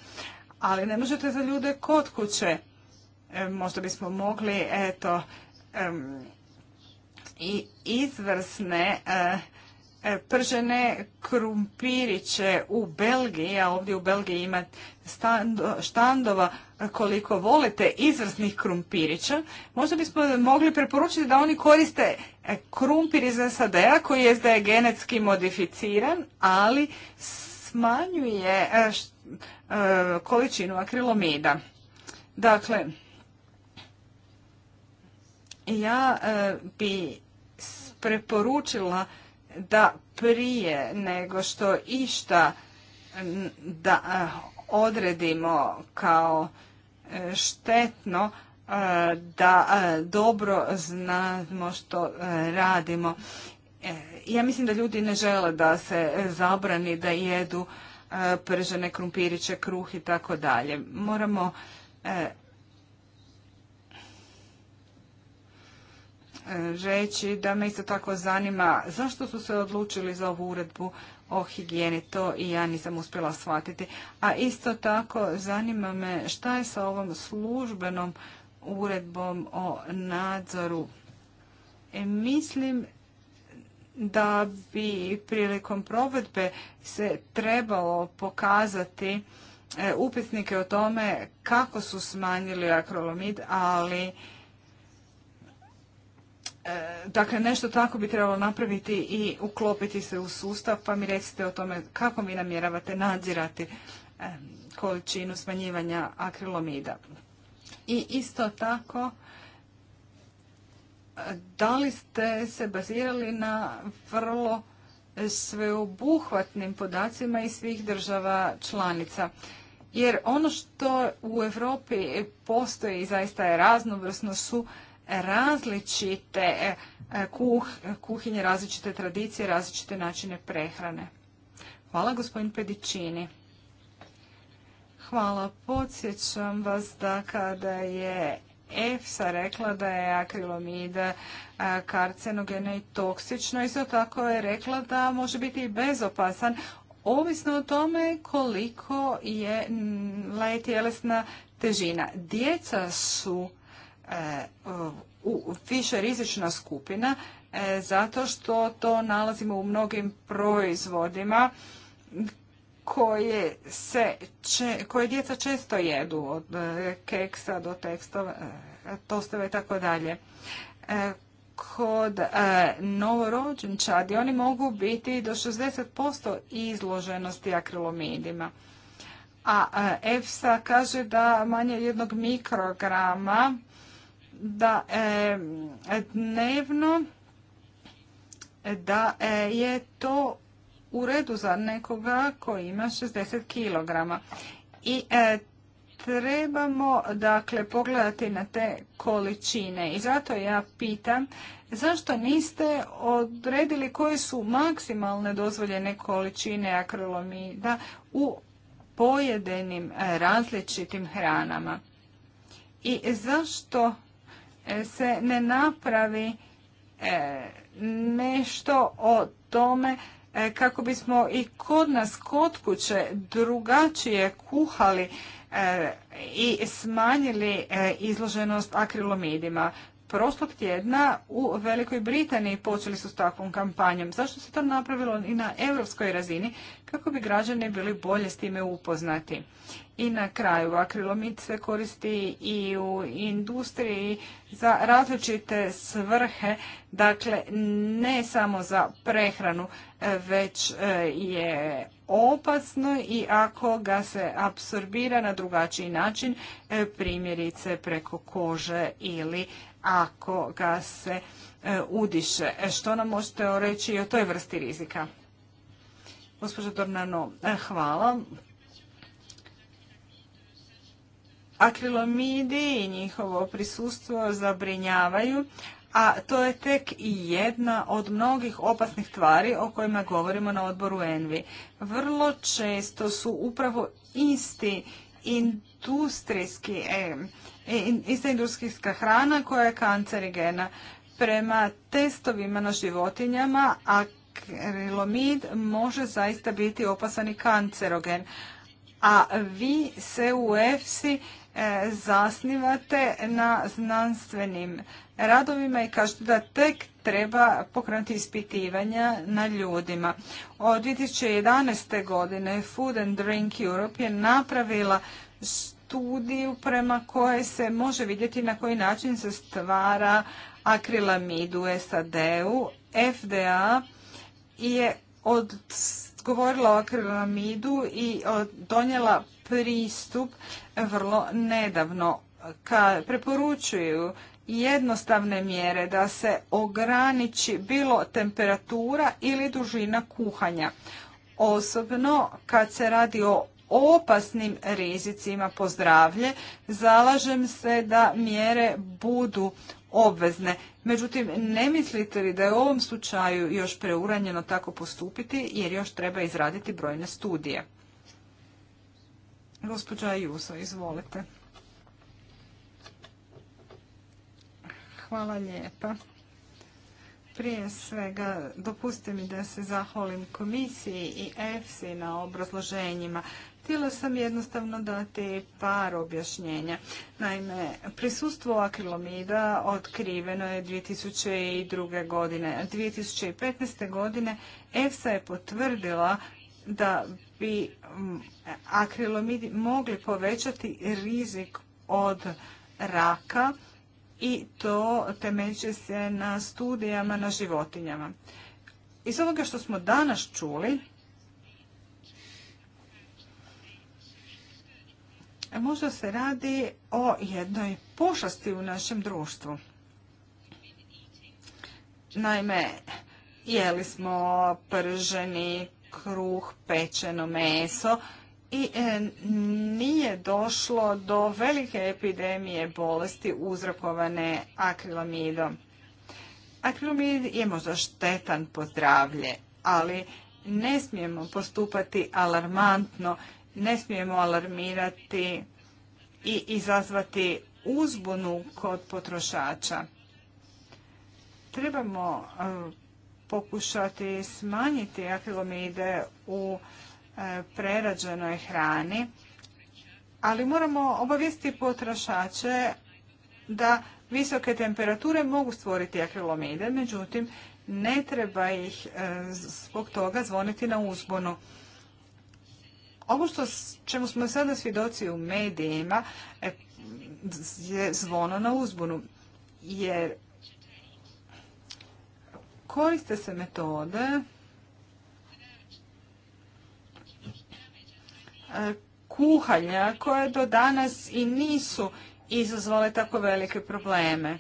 ali ne možete za ljude kod kuće. E, možda bismo mogli, eto, i izvrsne E, pržene krumpiriće u Belgiji, a ovdje u Belgiji ima štandova e, koliko volite izvrsnih krumpirića, možda bismo mogli preporučiti da oni koriste e, krumpir iz SAD-a koji je da je genetski modificiran, ali smanjuje količinu akrilomida. Dakle, ja bi preporučila da prije nego što išta da eh, odredimo kao eh, štetno, eh, da dobro znamo što radimo. Ja mislim da ljudi ne žele da se zabrani da jedu pržene krumpiriće, kruh i tako dalje. Moramo reći da me isto tako zanima zašto su se odlučili za ovu uredbu o higijeni, to i ja nisam uspjela shvatiti. A isto tako zanima me šta je sa ovom službenom uredbom o nadzoru. E, mislim da bi prilikom provedbe se trebalo pokazati e, upisnike o tome kako su smanjili akrolomid, ali E, dakle, nešto tako bi trebalo napraviti i uklopiti se u sustav, pa mi recite o tome kako vi namjeravate nadzirati e, količinu smanjivanja akrilomida. I isto tako, da li ste se bazirali na vrlo sveobuhvatnim podacima iz svih država članica? Jer ono što u Europi postoji i zaista je raznovrsno su različite e, e, kuhinje, različite tradicije, različite načine prehrane. Hvala gospodin Pedičini. Hvala. Podsjećam vas da kada je EFSA rekla da je akrilomida e, karcenogena i toksično, isto tako je rekla da može biti i bezopasan, ovisno o tome koliko je tjelesna težina. Djeca su u više rizična skupina e, zato što to nalazimo u mnogim proizvodima koje, djeca često jedu, od e, keksa do tekstova, e, tostova i tako dalje. Kod novorođenčadi oni mogu biti do 60% izloženosti akrilomidima. A EFSA kaže da manje jednog mikrograma da e, dnevno da e, je to u redu za nekoga koji ima 60 kg. I e, trebamo dakle pogledati na te količine i zato ja pitam zašto niste odredili koje su maksimalne dozvoljene količine akrolomida u pojedenim različitim hranama i zašto se ne napravi e, nešto o tome e, kako bismo i kod nas kod kuće drugačije kuhali e, i smanjili izloženost akrilomidima. Prošlog tjedna u Velikoj Britaniji počeli su s takvom kampanjom. Zašto se to napravilo i na europskoj razini kako bi građani bili bolje s time upoznati? I na kraju, akrilomid se koristi i u industriji za različite svrhe, dakle ne samo za prehranu, već e, je opasno i ako ga se apsorbira na drugačiji način, e, primjerice preko kože ili ako ga se e, udiše. Što nam možete reći o toj vrsti rizika? Gospođo Dornano, hvala. Akrilomidi i njihovo prisustvo zabrinjavaju, a to je tek i jedna od mnogih opasnih tvari o kojima govorimo na odboru Envi. Vrlo često su upravo isti industrijski, e, e ista industrijska hrana koja je kancerigena. Prema testovima na životinjama akrilomid može zaista biti opasan i kancerogen. A vi se u EFSI E, zasnivate na znanstvenim radovima i kažete da tek treba pokrenuti ispitivanja na ljudima. Od 2011. godine Food and Drink Europe je napravila studiju prema koje se može vidjeti na koji način se stvara akrilamid u SAD-u. FDA je odgovorila o akrilamidu i donijela pristup vrlo nedavno. preporučuju jednostavne mjere da se ograniči bilo temperatura ili dužina kuhanja. Osobno kad se radi o opasnim rizicima po zdravlje, zalažem se da mjere budu obvezne. Međutim, ne mislite li da je u ovom slučaju još preuranjeno tako postupiti jer još treba izraditi brojne studije? Gospođa Juso, izvolite. Hvala lijepa. Prije svega dopustite mi da se zahvalim komisiji i EFSI na obrazloženjima. Htjela sam jednostavno dati par objašnjenja. Naime, prisustvo akrilomida otkriveno je 2002. godine. 2015. godine EFSA je potvrdila da bi akrilomidi mogli povećati rizik od raka i to temeljuje se na studijama na životinjama. Iz ovoga što smo danas čuli, možda se radi o jednoj pošasti u našem društvu. Naime, jeli smo prženi kruh, pečeno meso i e, nije došlo do velike epidemije bolesti uzrokovane akrilamidom. Akrilamid je možda štetan po zdravlje, ali ne smijemo postupati alarmantno, ne smijemo alarmirati i izazvati uzbunu kod potrošača. Trebamo e, pokušati smanjiti akrilomide u e, prerađenoj hrani, ali moramo obavijesti potrošače da visoke temperature mogu stvoriti akrilomide, međutim ne treba ih e, zbog toga zvoniti na uzbunu. Ovo što, čemu smo sada svjedoci u medijima e, je zvono na uzbunu, jer koriste se metode e, kuhanja koje do danas i nisu izazvale tako velike probleme.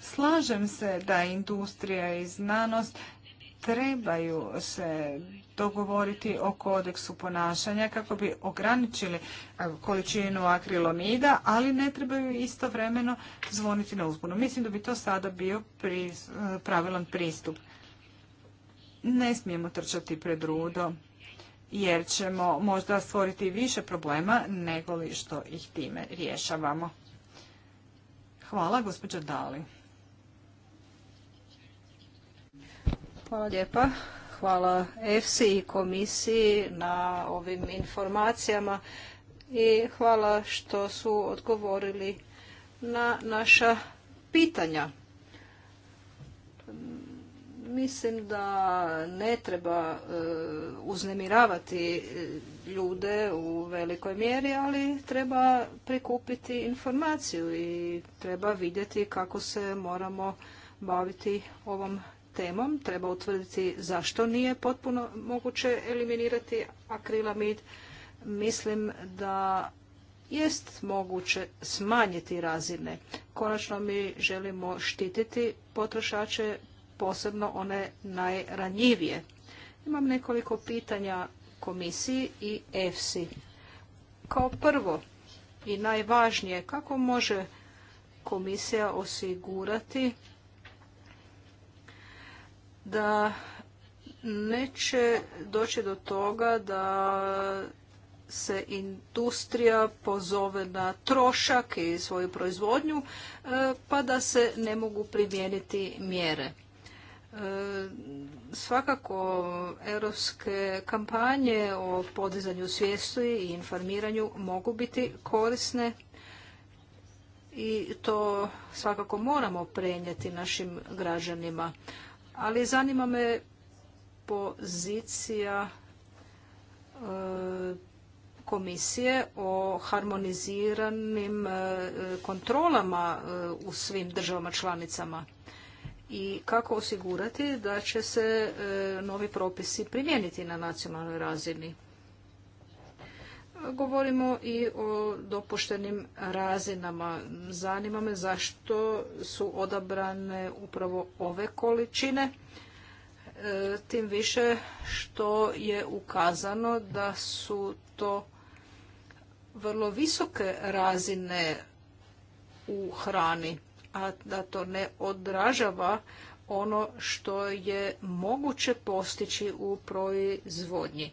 Slažem se da industrija i znanost trebaju se dogovoriti o kodeksu ponašanja kako bi ograničili e, količinu akrilomida, ali ne trebaju istovremeno zvoniti na uzbunu. Mislim da bi to sada bio e, pravilan pristup. Ne smijemo trčati pred rudo jer ćemo možda stvoriti više problema nego li što ih time rješavamo. Hvala, gospođo Dali. Hvala lijepa. Hvala EFSI i komisiji na ovim informacijama i hvala što su odgovorili na naša pitanja. Mislim da ne treba e, uznemiravati ljude u velikoj mjeri, ali treba prikupiti informaciju i treba vidjeti kako se moramo baviti ovom temom. Treba utvrditi zašto nije potpuno moguće eliminirati akrilamid. Mislim da jest moguće smanjiti razine. Konačno mi želimo štititi potrošače, posebno one najranjivije. Imam nekoliko pitanja komisiji i EFSI. Kao prvo i najvažnije, kako može komisija osigurati da neće doći do toga da se industrija pozove na trošak i svoju proizvodnju, e, pa da se ne mogu primijeniti mjere. E, svakako, europske kampanje o podizanju svijesti i informiranju mogu biti korisne i to svakako moramo prenijeti našim građanima ali zanima me pozicija e, komisije o harmoniziranim e, kontrolama e, u svim državama članicama i kako osigurati da će se novi propisi primijeniti na nacionalnoj razini. Govorimo i o dopuštenim razinama. Zanima me zašto su odabrane upravo ove količine, e, tim više što je ukazano da su to vrlo visoke razine u hrani, a da to ne odražava ono što je moguće postići u proizvodnji.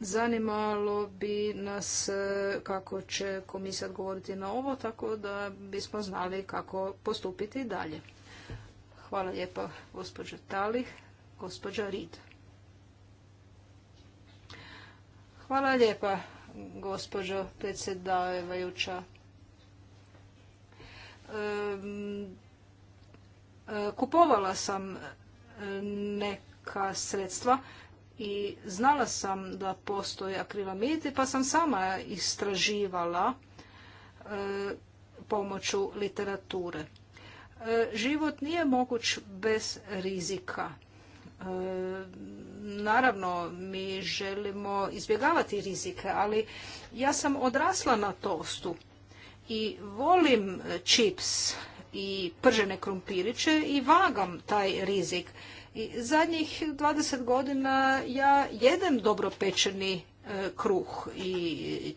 Zanimalo bi nas e, kako će komisija odgovoriti na ovo, tako da bismo znali kako postupiti dalje. Hvala lijepa gospođa Talih, gospođa Rid. Hvala lijepa gospođo predsjedavajuća. E, kupovala sam e, neka sredstva i znala sam da postoje akrilamidi pa sam sama istraživala e, pomoću literature. E, život nije moguć bez rizika. E, naravno, mi želimo izbjegavati rizike, ali ja sam odrasla na tostu i volim čips i pržene krumpiriće i vagam taj rizik i zadnjih 20 godina ja jedem dobro pečeni e, kruh i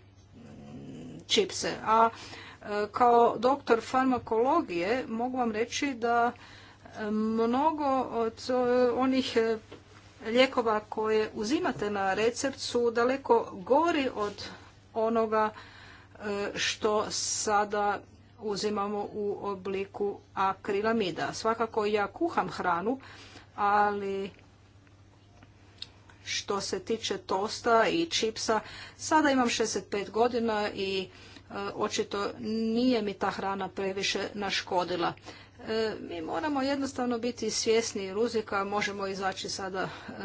čipse, a e, kao doktor farmakologije mogu vam reći da e, mnogo od onih lijekova koje uzimate na recept su daleko gori od onoga što sada uzimamo u obliku akrilamida. Svakako ja kuham hranu ali što se tiče tosta i čipsa, sada imam 65 godina i e, očito nije mi ta hrana previše naškodila. E, mi moramo jednostavno biti svjesni ruzika, možemo izaći sada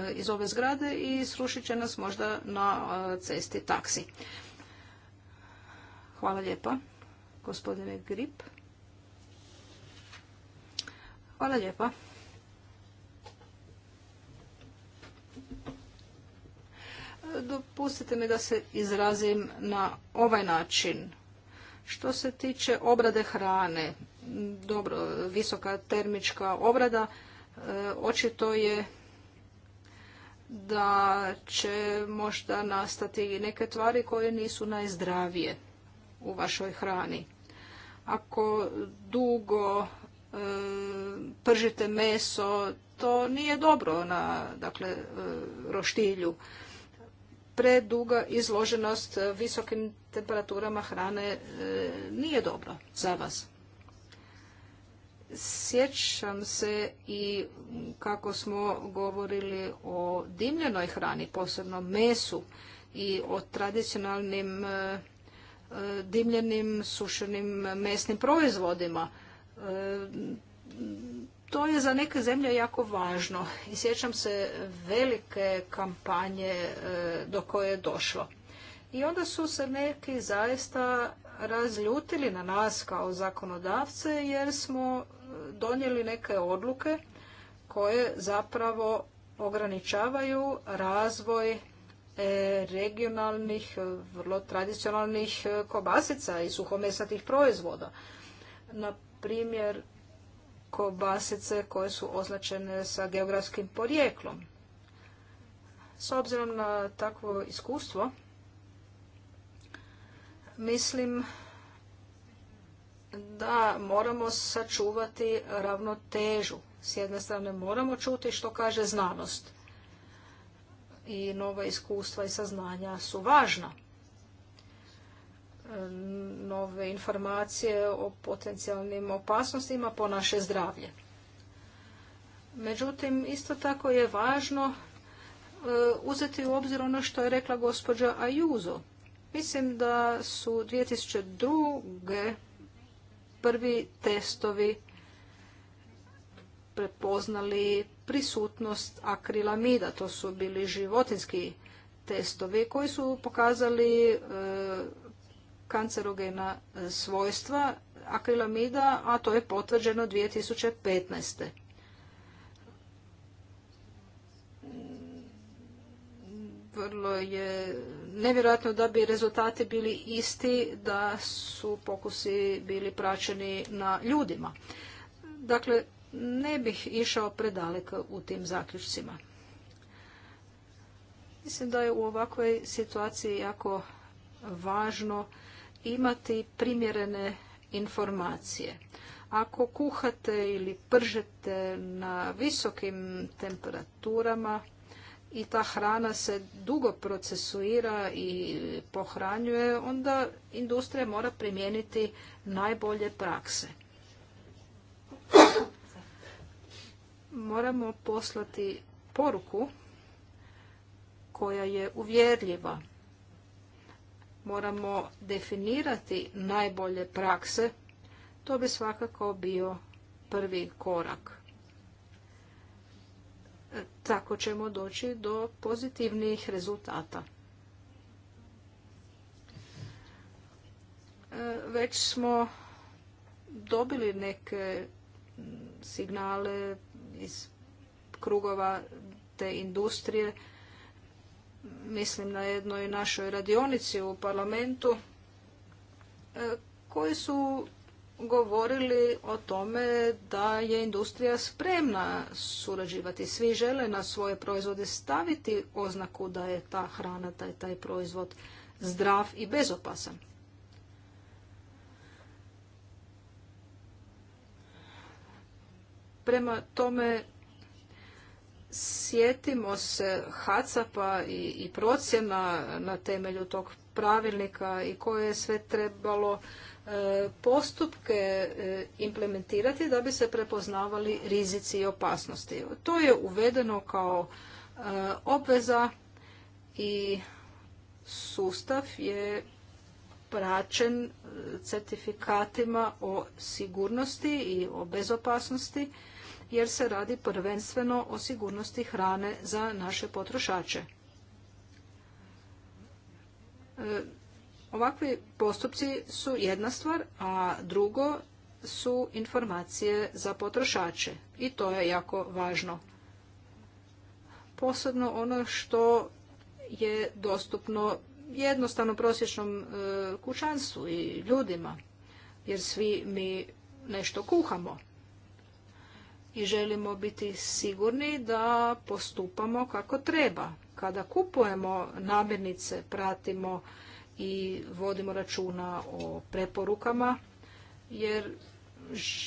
e, iz ove zgrade i srušit će nas možda na cesti taksi. Hvala lijepa, gospodine Grip. Hvala lijepa. dopustite mi da se izrazim na ovaj način. Što se tiče obrade hrane, dobro, visoka termička obrada, e, očito je da će možda nastati neke tvari koje nisu najzdravije u vašoj hrani. Ako dugo pržite e, meso, to nije dobro na dakle, e, roštilju preduga izloženost e, visokim temperaturama hrane e, nije dobro za vas. Sjećam se i kako smo govorili o dimljenoj hrani, posebno mesu i o tradicionalnim e, dimljenim sušenim mesnim proizvodima to je za neke zemlje jako važno i sjećam se velike kampanje e, do koje je došlo. I onda su se neki zaista razljutili na nas kao zakonodavce jer smo e, donijeli neke odluke koje zapravo ograničavaju razvoj e, regionalnih, vrlo tradicionalnih kobasica i suhomesatih proizvoda. Na primjer, kobasice koje su označene sa geografskim porijeklom. S obzirom na takvo iskustvo, mislim da moramo sačuvati ravnotežu. S jedne strane moramo čuti što kaže znanost i nova iskustva i saznanja su važna nove informacije o potencijalnim opasnostima po naše zdravlje. Međutim, isto tako je važno e, uzeti u obzir ono što je rekla gospođa Ajuzo. Mislim da su 2002. prvi testovi prepoznali prisutnost akrilamida. To su bili životinski testovi koji su pokazali e, kancerogena e, svojstva akrilamida, a to je potvrđeno 2015. Vrlo je nevjerojatno da bi rezultati bili isti da su pokusi bili praćeni na ljudima. Dakle, ne bih išao predaleko u tim zaključcima. Mislim da je u ovakvoj situaciji jako važno imati primjerene informacije. Ako kuhate ili pržete na visokim temperaturama i ta hrana se dugo procesuira i pohranjuje, onda industrija mora primijeniti najbolje prakse. Moramo poslati poruku koja je uvjerljiva moramo definirati najbolje prakse, to bi svakako bio prvi korak. Tako ćemo doći do pozitivnih rezultata. E, već smo dobili neke signale iz krugova te industrije mislim na jednoj našoj radionici u parlamentu, e, koji su govorili o tome da je industrija spremna surađivati. Svi žele na svoje proizvode staviti oznaku da je ta hrana, taj, taj proizvod zdrav i bezopasan. Prema tome sjetimo se HACAP-a i, i procjena na temelju tog pravilnika i koje je sve trebalo e, postupke e, implementirati da bi se prepoznavali rizici i opasnosti. To je uvedeno kao e, obveza i sustav je praćen certifikatima o sigurnosti i o bezopasnosti jer se radi prvenstveno o sigurnosti hrane za naše potrošače. E, ovakvi postupci su jedna stvar, a drugo su informacije za potrošače i to je jako važno. Posebno ono što je dostupno jednostavno prosječnom e, kućanstvu i ljudima, jer svi mi nešto kuhamo i želimo biti sigurni da postupamo kako treba. Kada kupujemo namirnice, pratimo i vodimo računa o preporukama jer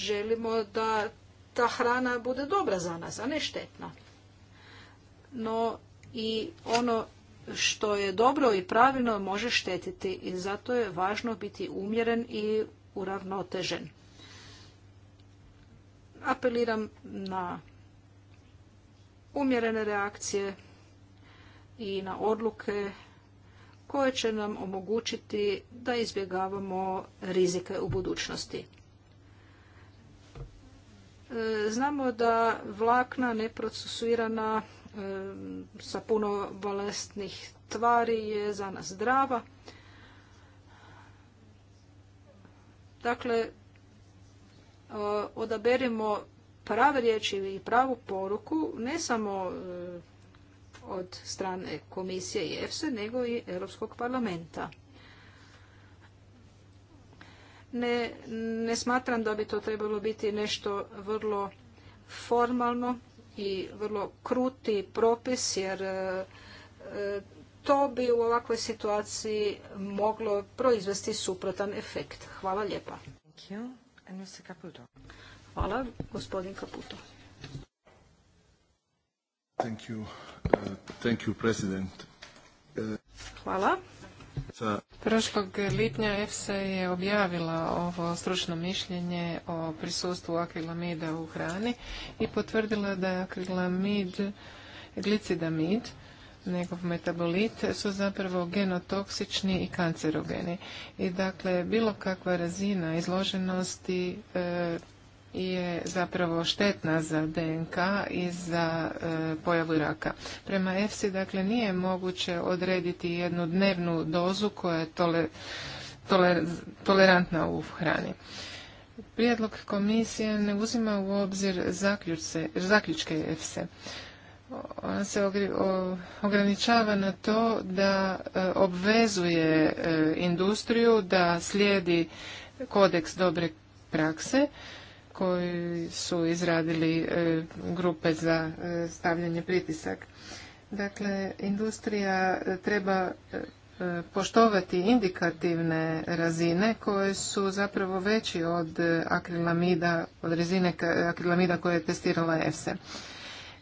želimo da ta hrana bude dobra za nas, a ne štetna. No i ono što je dobro i pravilno može štetiti i zato je važno biti umjeren i uravnotežen. Apeliram na umjerene reakcije i na odluke koje će nam omogućiti da izbjegavamo rizike u budućnosti. E, znamo da vlakna neprocesuirana e, sa puno bolestnih tvari je za nas zdrava. Dakle, odaberemo prave riječi i pravu poruku, ne samo e, od strane komisije i EFSE, nego i Europskog parlamenta. Ne, ne smatram da bi to trebalo biti nešto vrlo formalno i vrlo kruti propis, jer e, e, to bi u ovakvoj situaciji moglo proizvesti suprotan efekt. Hvala lijepa. Hvala, gospodin Caputo. Thank you. Uh, thank you, president. Uh, Hvala. Prošlog lipnja EFSA je objavila ovo stručno mišljenje o prisustvu akrilamida u hrani i potvrdila da je akrilamid glicidamid njegov metabolit su zapravo genotoksični i kancerogeni. I dakle, bilo kakva razina izloženosti e, je zapravo štetna za DNK i za e, pojavu raka. Prema EFSI, dakle, nije moguće odrediti jednu dnevnu dozu koja je tolerantna u hrani. Prijedlog komisije ne uzima u obzir zaključce, zaključke EFSE ona se ograničava na to da e, obvezuje e, industriju da slijedi kodeks dobre prakse koji su izradili e, grupe za stavljanje pritisak. Dakle, industrija treba poštovati indikativne razine koje su zapravo veći od akrilamida, od rezine akrilamida koje je testirala EFSA.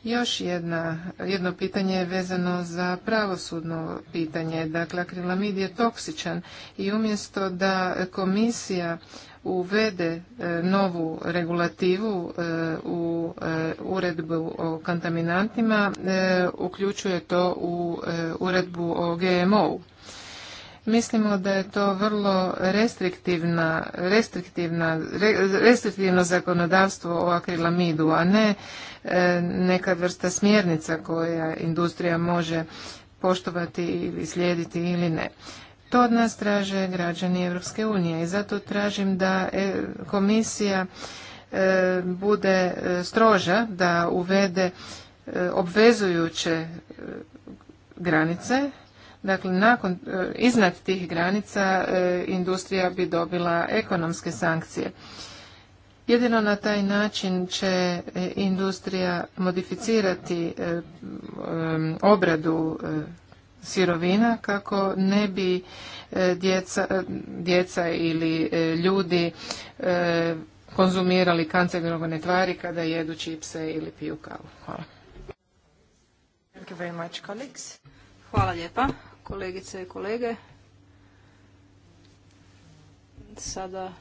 Još jedno pitanje je vezano za pravosudno pitanje. Dakle, akrilamid je toksičan i umjesto da komisija uvede e, novu regulativu e, u e, uredbu o kontaminantima, uključuje to u uredbu o GMO-u. Mislimo da je to vrlo restriktivna, restriktivna, restriktivno zakonodavstvo o akrilamidu, a ne e, neka vrsta smjernica koja industrija može poštovati i slijediti ili ne. To od nas traže građani Europske unije i zato tražim da e, komisija e, bude stroža, da uvede obvezujuće granice Dakle, nakon, e, iznad tih granica e, industrija bi dobila ekonomske sankcije. Jedino na taj način će e, industrija modificirati obradu sirovina kako ne bi djeca, djeca ili ljudi konzumirali kancerogene tvari kada jedu čipse ili piju kavu. Hvala. Hvala lijepa kolegice i kolege. Sada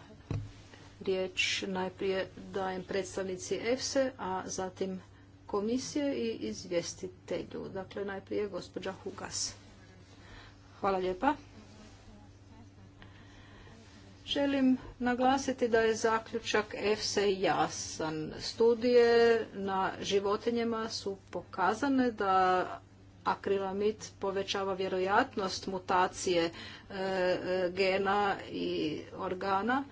riječ najprije dajem predstavnici EFSE, a zatim komisije i izvjestitelju. Dakle, najprije gospođa Hugas. Hvala lijepa. Želim naglasiti da je zaključak EFSE jasan. Studije na životinjama su pokazane da akrilamid povećava vjerojatnost mutacije e, gena i organa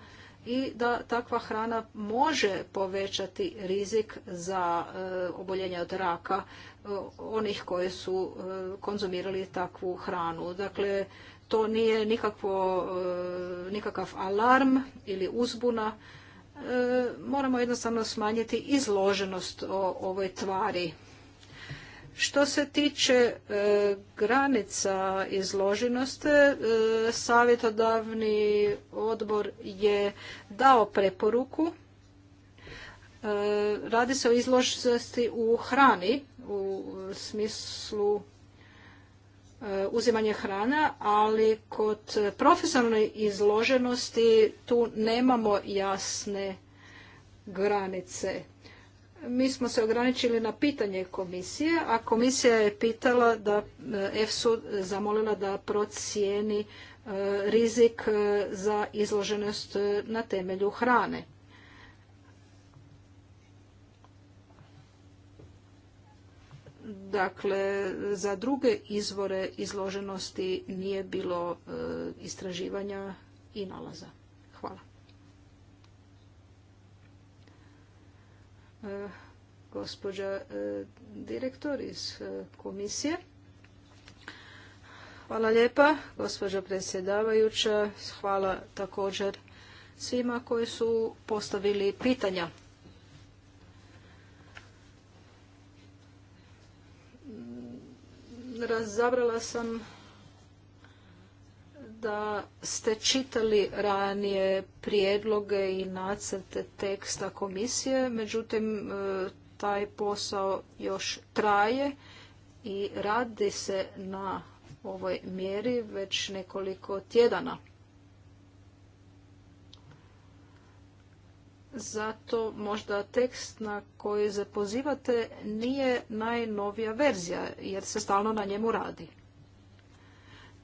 i da takva hrana može povećati rizik za e, oboljenje od raka e, onih koji su konzumirali takvu hranu. Dakle, to nije nikakvo, nikakav alarm ili uzbuna. Moramo jednostavno smanjiti izloženost o ovoj tvari što se tiče e, granica izloženosti, e, savjetodavni odbor je dao preporuku. E, radi se o izloženosti u hrani, u smislu uzimanja hrana, ali kod profesionalne izloženosti tu nemamo jasne granice mi smo se ograničili na pitanje komisije, a komisija je pitala da e, EFSU zamolila da procijeni e, rizik e, za izloženost na temelju hrane. Dakle, za druge izvore izloženosti nije bilo istraživanja i nalaza. gospođa e, direktor iz e, komisije. Hvala lijepa, gospođa predsjedavajuća. Hvala također svima koji su postavili pitanja. Razabrala sam da ste čitali ranije prijedloge i nacrte teksta komisije, međutim e, taj posao još traje i radi se na ovoj mjeri već nekoliko tjedana. Zato možda tekst na koji se pozivate nije najnovija verzija jer se stalno na njemu radi.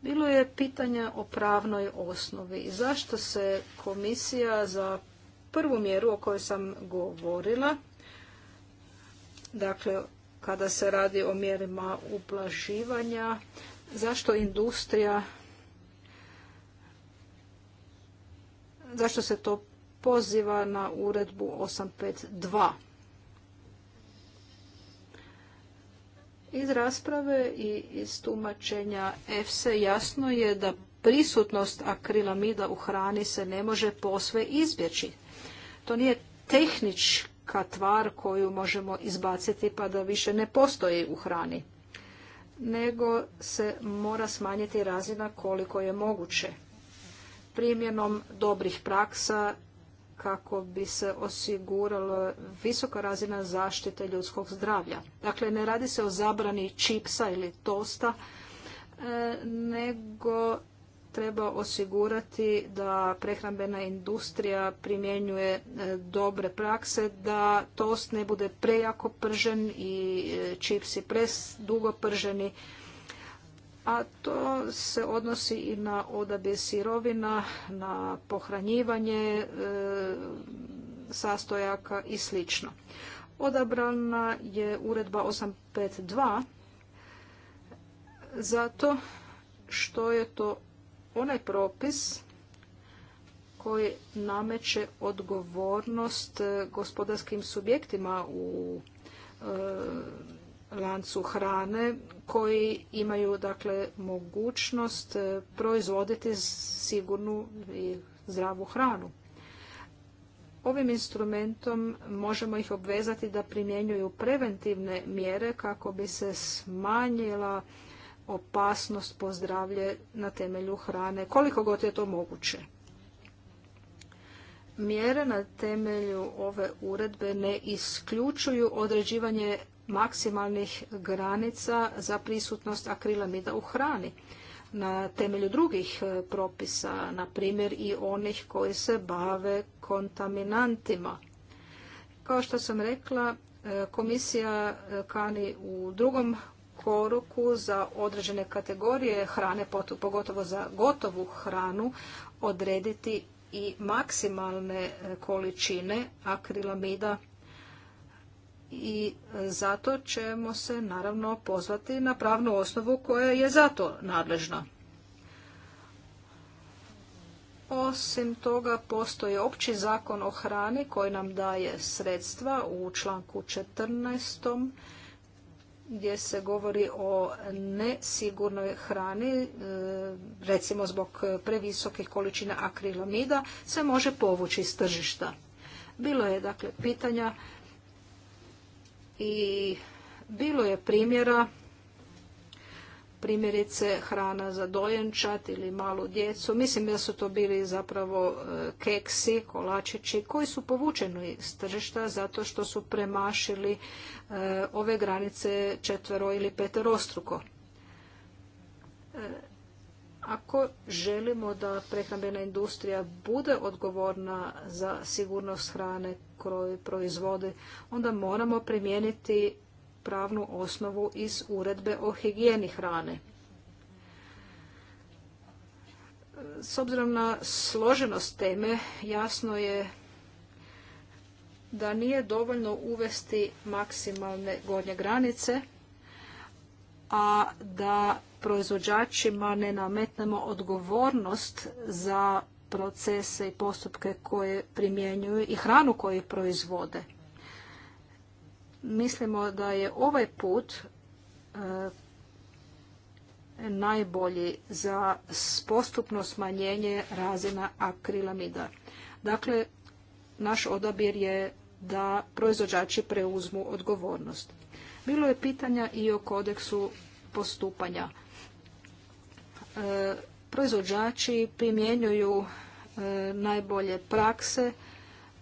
Bilo je pitanja o pravnoj osnovi. Zašto se komisija za prvu mjeru o kojoj sam govorila, dakle kada se radi o mjerima uplaživanja, zašto industrija, zašto se to poziva na uredbu 852? Iz rasprave i iz tumačenja EFSE jasno je da prisutnost akrilamida u hrani se ne može posve izbjeći. To nije tehnička tvar koju možemo izbaciti pa da više ne postoji u hrani, nego se mora smanjiti razina koliko je moguće primjenom dobrih praksa kako bi se osiguralo visoka razina zaštite ljudskog zdravlja. Dakle, ne radi se o zabrani čipsa ili tosta, e, nego treba osigurati da prehrambena industrija primjenjuje e, dobre prakse, da tost ne bude prejako pržen i e, čipsi predugo prženi a to se odnosi i na odabir sirovina, na pohranjivanje e, sastojaka i sl. Odabrana je uredba 852 zato što je to onaj propis koji nameće odgovornost gospodarskim subjektima u e, lancu hrane koji imaju dakle mogućnost e, proizvoditi sigurnu i zdravu hranu. Ovim instrumentom možemo ih obvezati da primjenjuju preventivne mjere kako bi se smanjila opasnost po zdravlje na temelju hrane, koliko god je to moguće. Mjere na temelju ove uredbe ne isključuju određivanje maksimalnih granica za prisutnost akrilamida u hrani na temelju drugih e, propisa, na primjer i onih koji se bave kontaminantima. Kao što sam rekla, e, komisija e, kani u drugom koruku za određene kategorije hrane, pogotovo za gotovu hranu, odrediti i maksimalne količine akrilamida i zato ćemo se naravno pozvati na pravnu osnovu koja je zato nadležna. Osim toga postoji opći zakon o hrani koji nam daje sredstva u članku 14 gdje se govori o nesigurnoj hrani, e, recimo zbog previsokih količina akrilamida, se može povući iz tržišta. Bilo je dakle pitanja i bilo je primjera primjerice hrana za dojenčat ili malu djecu. Mislim da su to bili zapravo e, keksi, kolačići koji su povučeni iz tržišta zato što su premašili e, ove granice četvero ili peterostruko. E, ako želimo da prehrambena industrija bude odgovorna za sigurnost hrane kroz proizvode, onda moramo primijeniti pravnu osnovu iz uredbe o higijeni hrane. S obzirom na složenost teme, jasno je da nije dovoljno uvesti maksimalne gornje granice, a da proizvođačima ne nametnemo odgovornost za procese i postupke koje primjenjuju i hranu koju proizvode. Mislimo da je ovaj put e, najbolji za postupno smanjenje razina akrilamida. Dakle, naš odabir je da proizvođači preuzmu odgovornost. Bilo je pitanja i o kodeksu postupanja. E, proizvođači primjenjuju e, najbolje prakse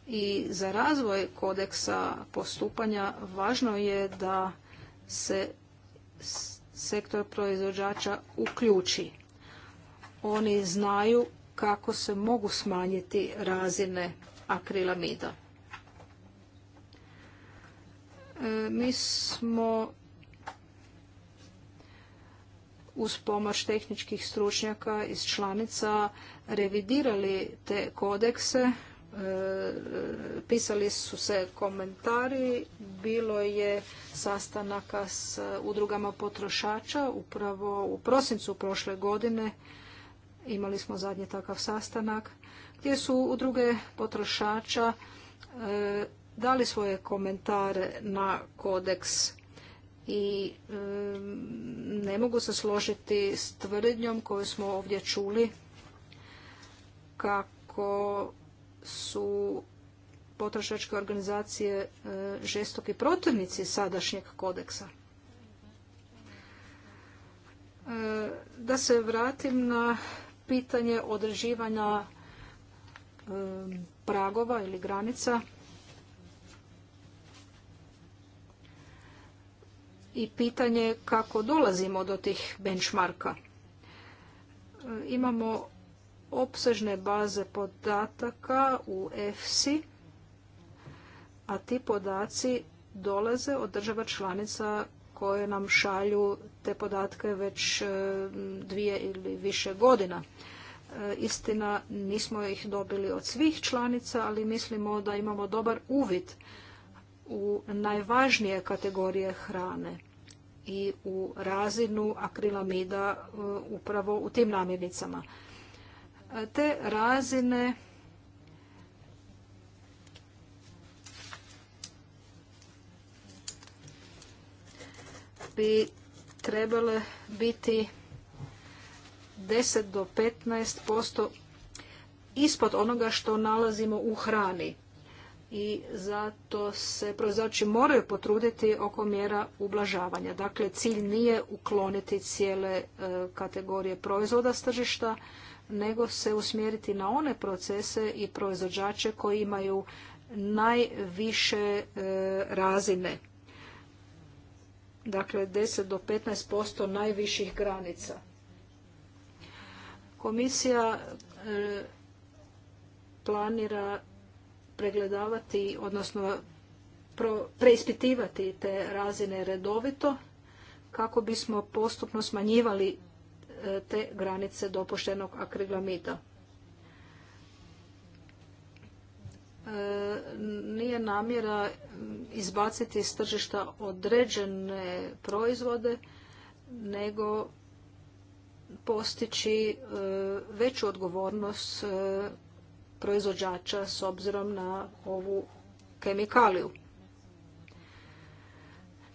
i za razvoj kodeksa postupanja važno je da se sektor proizvođača uključi. Oni znaju kako se mogu smanjiti razine akrilamida. E, mi smo uz pomoć tehničkih stručnjaka iz članica revidirali te kodekse. E, pisali su se komentari, bilo je sastanaka s udrugama potrošača upravo u prosincu prošle godine. Imali smo zadnji takav sastanak gdje su udruge potrošača e, dali svoje komentare na kodeks i ne mogu se složiti s tvrdnjom koju smo ovdje čuli kako su potrošačke organizacije e, žestoki protivnici sadašnjeg kodeksa. E, da se vratim na pitanje određivanja pragova ili granica i pitanje kako dolazimo do tih benchmarka. E, imamo opsežne baze podataka u EFSI, a ti podaci dolaze od država članica koje nam šalju te podatke već e, dvije ili više godina. E, istina, nismo ih dobili od svih članica, ali mislimo da imamo dobar uvid u najvažnije kategorije hrane i u razinu akrilamida e, upravo u tim namirnicama. E, te razine bi trebale biti 10 do 15 posto ispod onoga što nalazimo u hrani i zato se proizvođači moraju potruditi oko mjera ublažavanja. Dakle, cilj nije ukloniti cijele e, kategorije proizvoda s tržišta, nego se usmjeriti na one procese i proizvođače koji imaju najviše e, razine. Dakle, 10 do 15% najviših granica. Komisija e, planira pregledavati, odnosno preispitivati te razine redovito kako bismo postupno smanjivali e, te granice dopuštenog akriglamida. E, nije namjera izbaciti iz tržišta određene proizvode, nego postići e, veću odgovornost proizvođača s obzirom na ovu kemikaliju.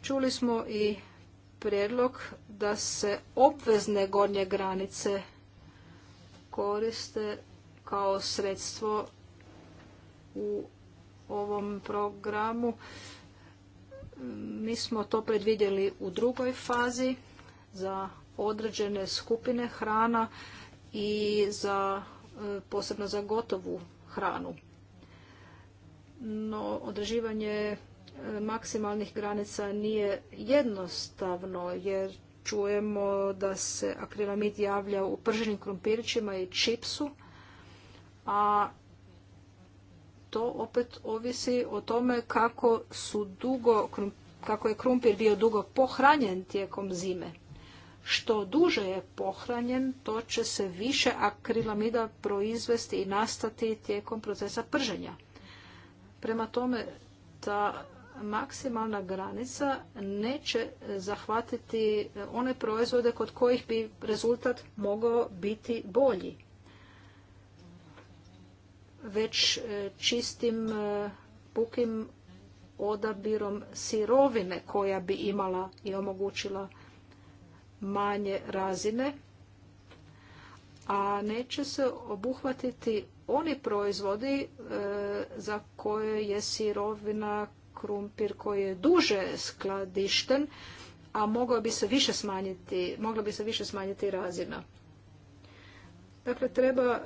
Čuli smo i prijedlog da se obvezne gornje granice koriste kao sredstvo u ovom programu. Mi smo to predvidjeli u drugoj fazi za određene skupine hrana i za posebno za gotovu hranu. No, održivanje e, maksimalnih granica nije jednostavno, jer čujemo da se akrilamid javlja u prženim krumpirićima i čipsu, a to opet ovisi o tome kako su kako je krumpir bio dugo pohranjen tijekom zime što duže je pohranjen, to će se više akrilamida proizvesti i nastati tijekom procesa prženja. Prema tome, ta maksimalna granica neće zahvatiti one proizvode kod kojih bi rezultat mogao biti bolji. Već e, čistim e, pukim odabirom sirovine koja bi imala i omogućila manje razine, a neće se obuhvatiti oni proizvodi e, za koje je sirovina krumpir koji je duže skladišten, a mogla bi se više smanjiti, mogla bi se više smanjiti razina. Dakle, treba e,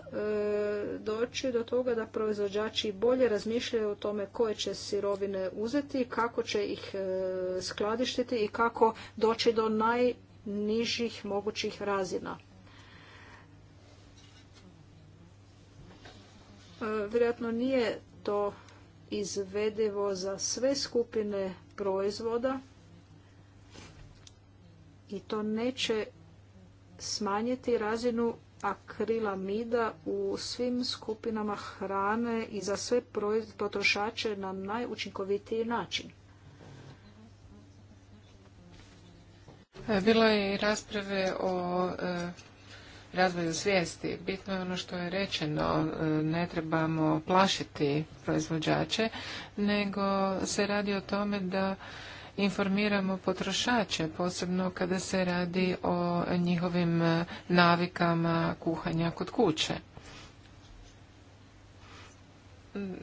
doći do toga da proizvođači bolje razmišljaju o tome koje će sirovine uzeti, kako će ih e, skladištiti i kako doći do naj nižih mogućih razina. E, vjerojatno nije to izvedevo za sve skupine proizvoda i to neće smanjiti razinu akrilamida u svim skupinama hrane i za sve potrošače na najučinkovitiji način. E, bilo je i rasprave o e, razvoju svijesti. Bitno je ono što je rečeno, e, ne trebamo plašiti proizvođače, nego se radi o tome da informiramo potrošače, posebno kada se radi o njihovim navikama kuhanja kod kuće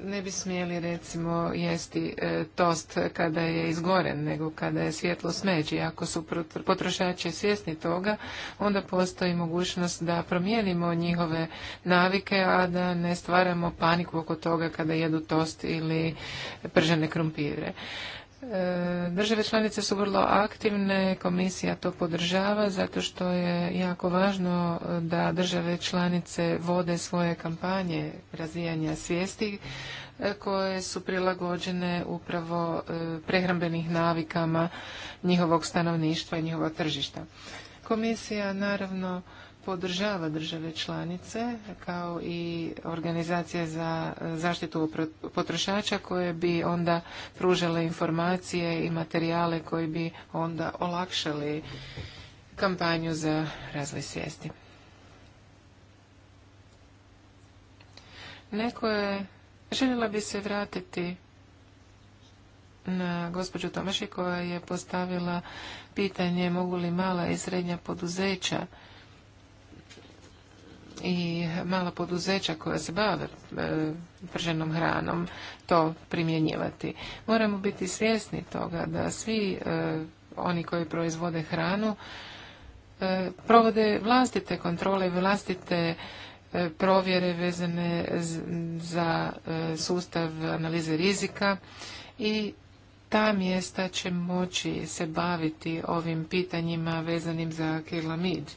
ne bi smjeli recimo jesti e, tost kada je izgoren, nego kada je svjetlo smeđi. Ako su potrošači svjesni toga, onda postoji mogućnost da promijenimo njihove navike, a da ne stvaramo paniku oko toga kada jedu tost ili pržene krumpire. E, države članice su vrlo aktivne, komisija to podržava zato što je jako važno e, da države članice vode svoje kampanje razvijanja svijesti e, koje su prilagođene upravo prehrambenih navikama njihovog stanovništva i njihova tržišta. Komisija naravno podržava države članice kao i organizacije za e, zaštitu potrošača koje bi onda pružale informacije i materijale koji bi onda olakšali kampanju za razvoj svijesti. Neko je, željela bi se vratiti na gospođu Tomaši koja je postavila pitanje mogu li mala i srednja poduzeća i mala poduzeća koja se bave e, prženom hranom to primjenjivati. Moramo biti svjesni toga da svi e, oni koji proizvode hranu e, provode vlastite kontrole, vlastite provjere vezane za sustav analize rizika i ta mjesta će moći se baviti ovim pitanjima vezanim za kilamid.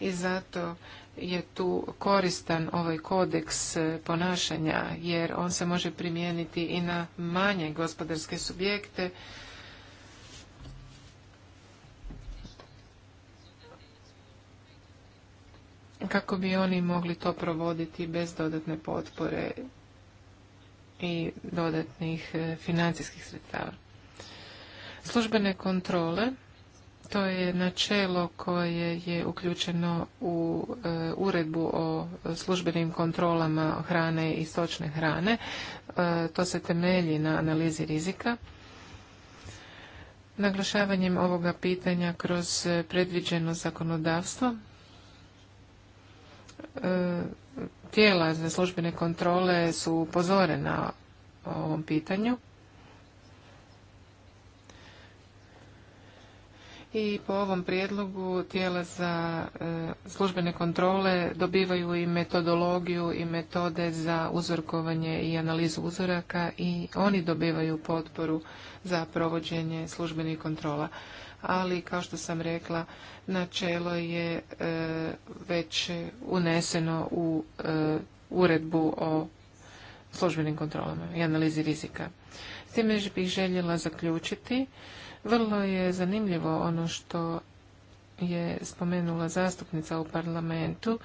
I zato je tu koristan ovaj kodeks ponašanja, jer on se može primijeniti i na manje gospodarske subjekte, kako bi oni mogli to provoditi bez dodatne potpore i dodatnih e, financijskih sredstava. Službene kontrole, to je načelo koje je uključeno u e, uredbu o službenim kontrolama hrane i stočne hrane. E, to se temelji na analizi rizika. Naglašavanjem ovoga pitanja kroz predviđeno zakonodavstvo tijela za službene kontrole su upozorena o ovom pitanju. I po ovom prijedlogu tijela za e, službene kontrole dobivaju i metodologiju i metode za uzorkovanje i analizu uzoraka i oni dobivaju potporu za provođenje službenih kontrola ali kao što sam rekla, načelo je e, već uneseno u e, uredbu o službenim kontrolama i analizi rizika. S time bih željela zaključiti. Vrlo je zanimljivo ono što je spomenula zastupnica u parlamentu.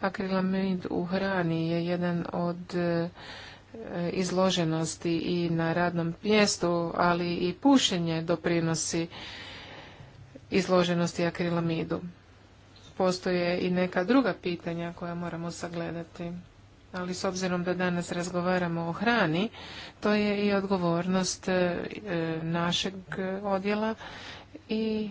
Akrilamid u hrani je jedan od e, izloženosti i na radnom mjestu, ali i pušenje doprinosi izloženosti akrilamidu. Postoje i neka druga pitanja koja moramo sagledati, ali s obzirom da danas razgovaramo o hrani, to je i odgovornost e, e, našeg odjela i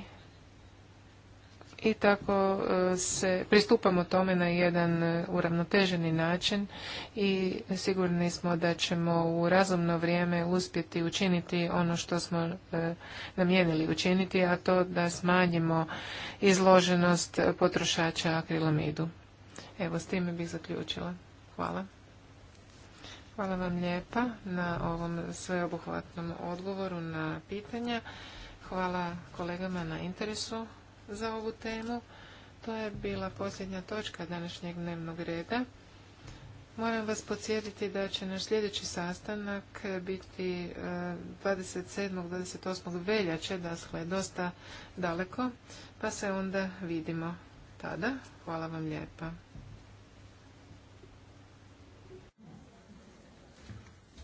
i tako e, se pristupamo tome na jedan e, uravnoteženi način i sigurni smo da ćemo u razumno vrijeme uspjeti učiniti ono što smo e, namijenili učiniti, a to da smanjimo izloženost potrošača akrilamidu. Evo, s time bih zaključila. Hvala. Hvala vam lijepa na ovom sveobuhvatnom odgovoru na pitanja. Hvala kolegama na interesu za ovu temu. To je bila posljednja točka današnjeg dnevnog reda. Moram vas podsjetiti da će naš sljedeći sastanak biti 27. E, 28. veljače, je dakle, dosta daleko, pa se onda vidimo tada. Hvala vam lijepa.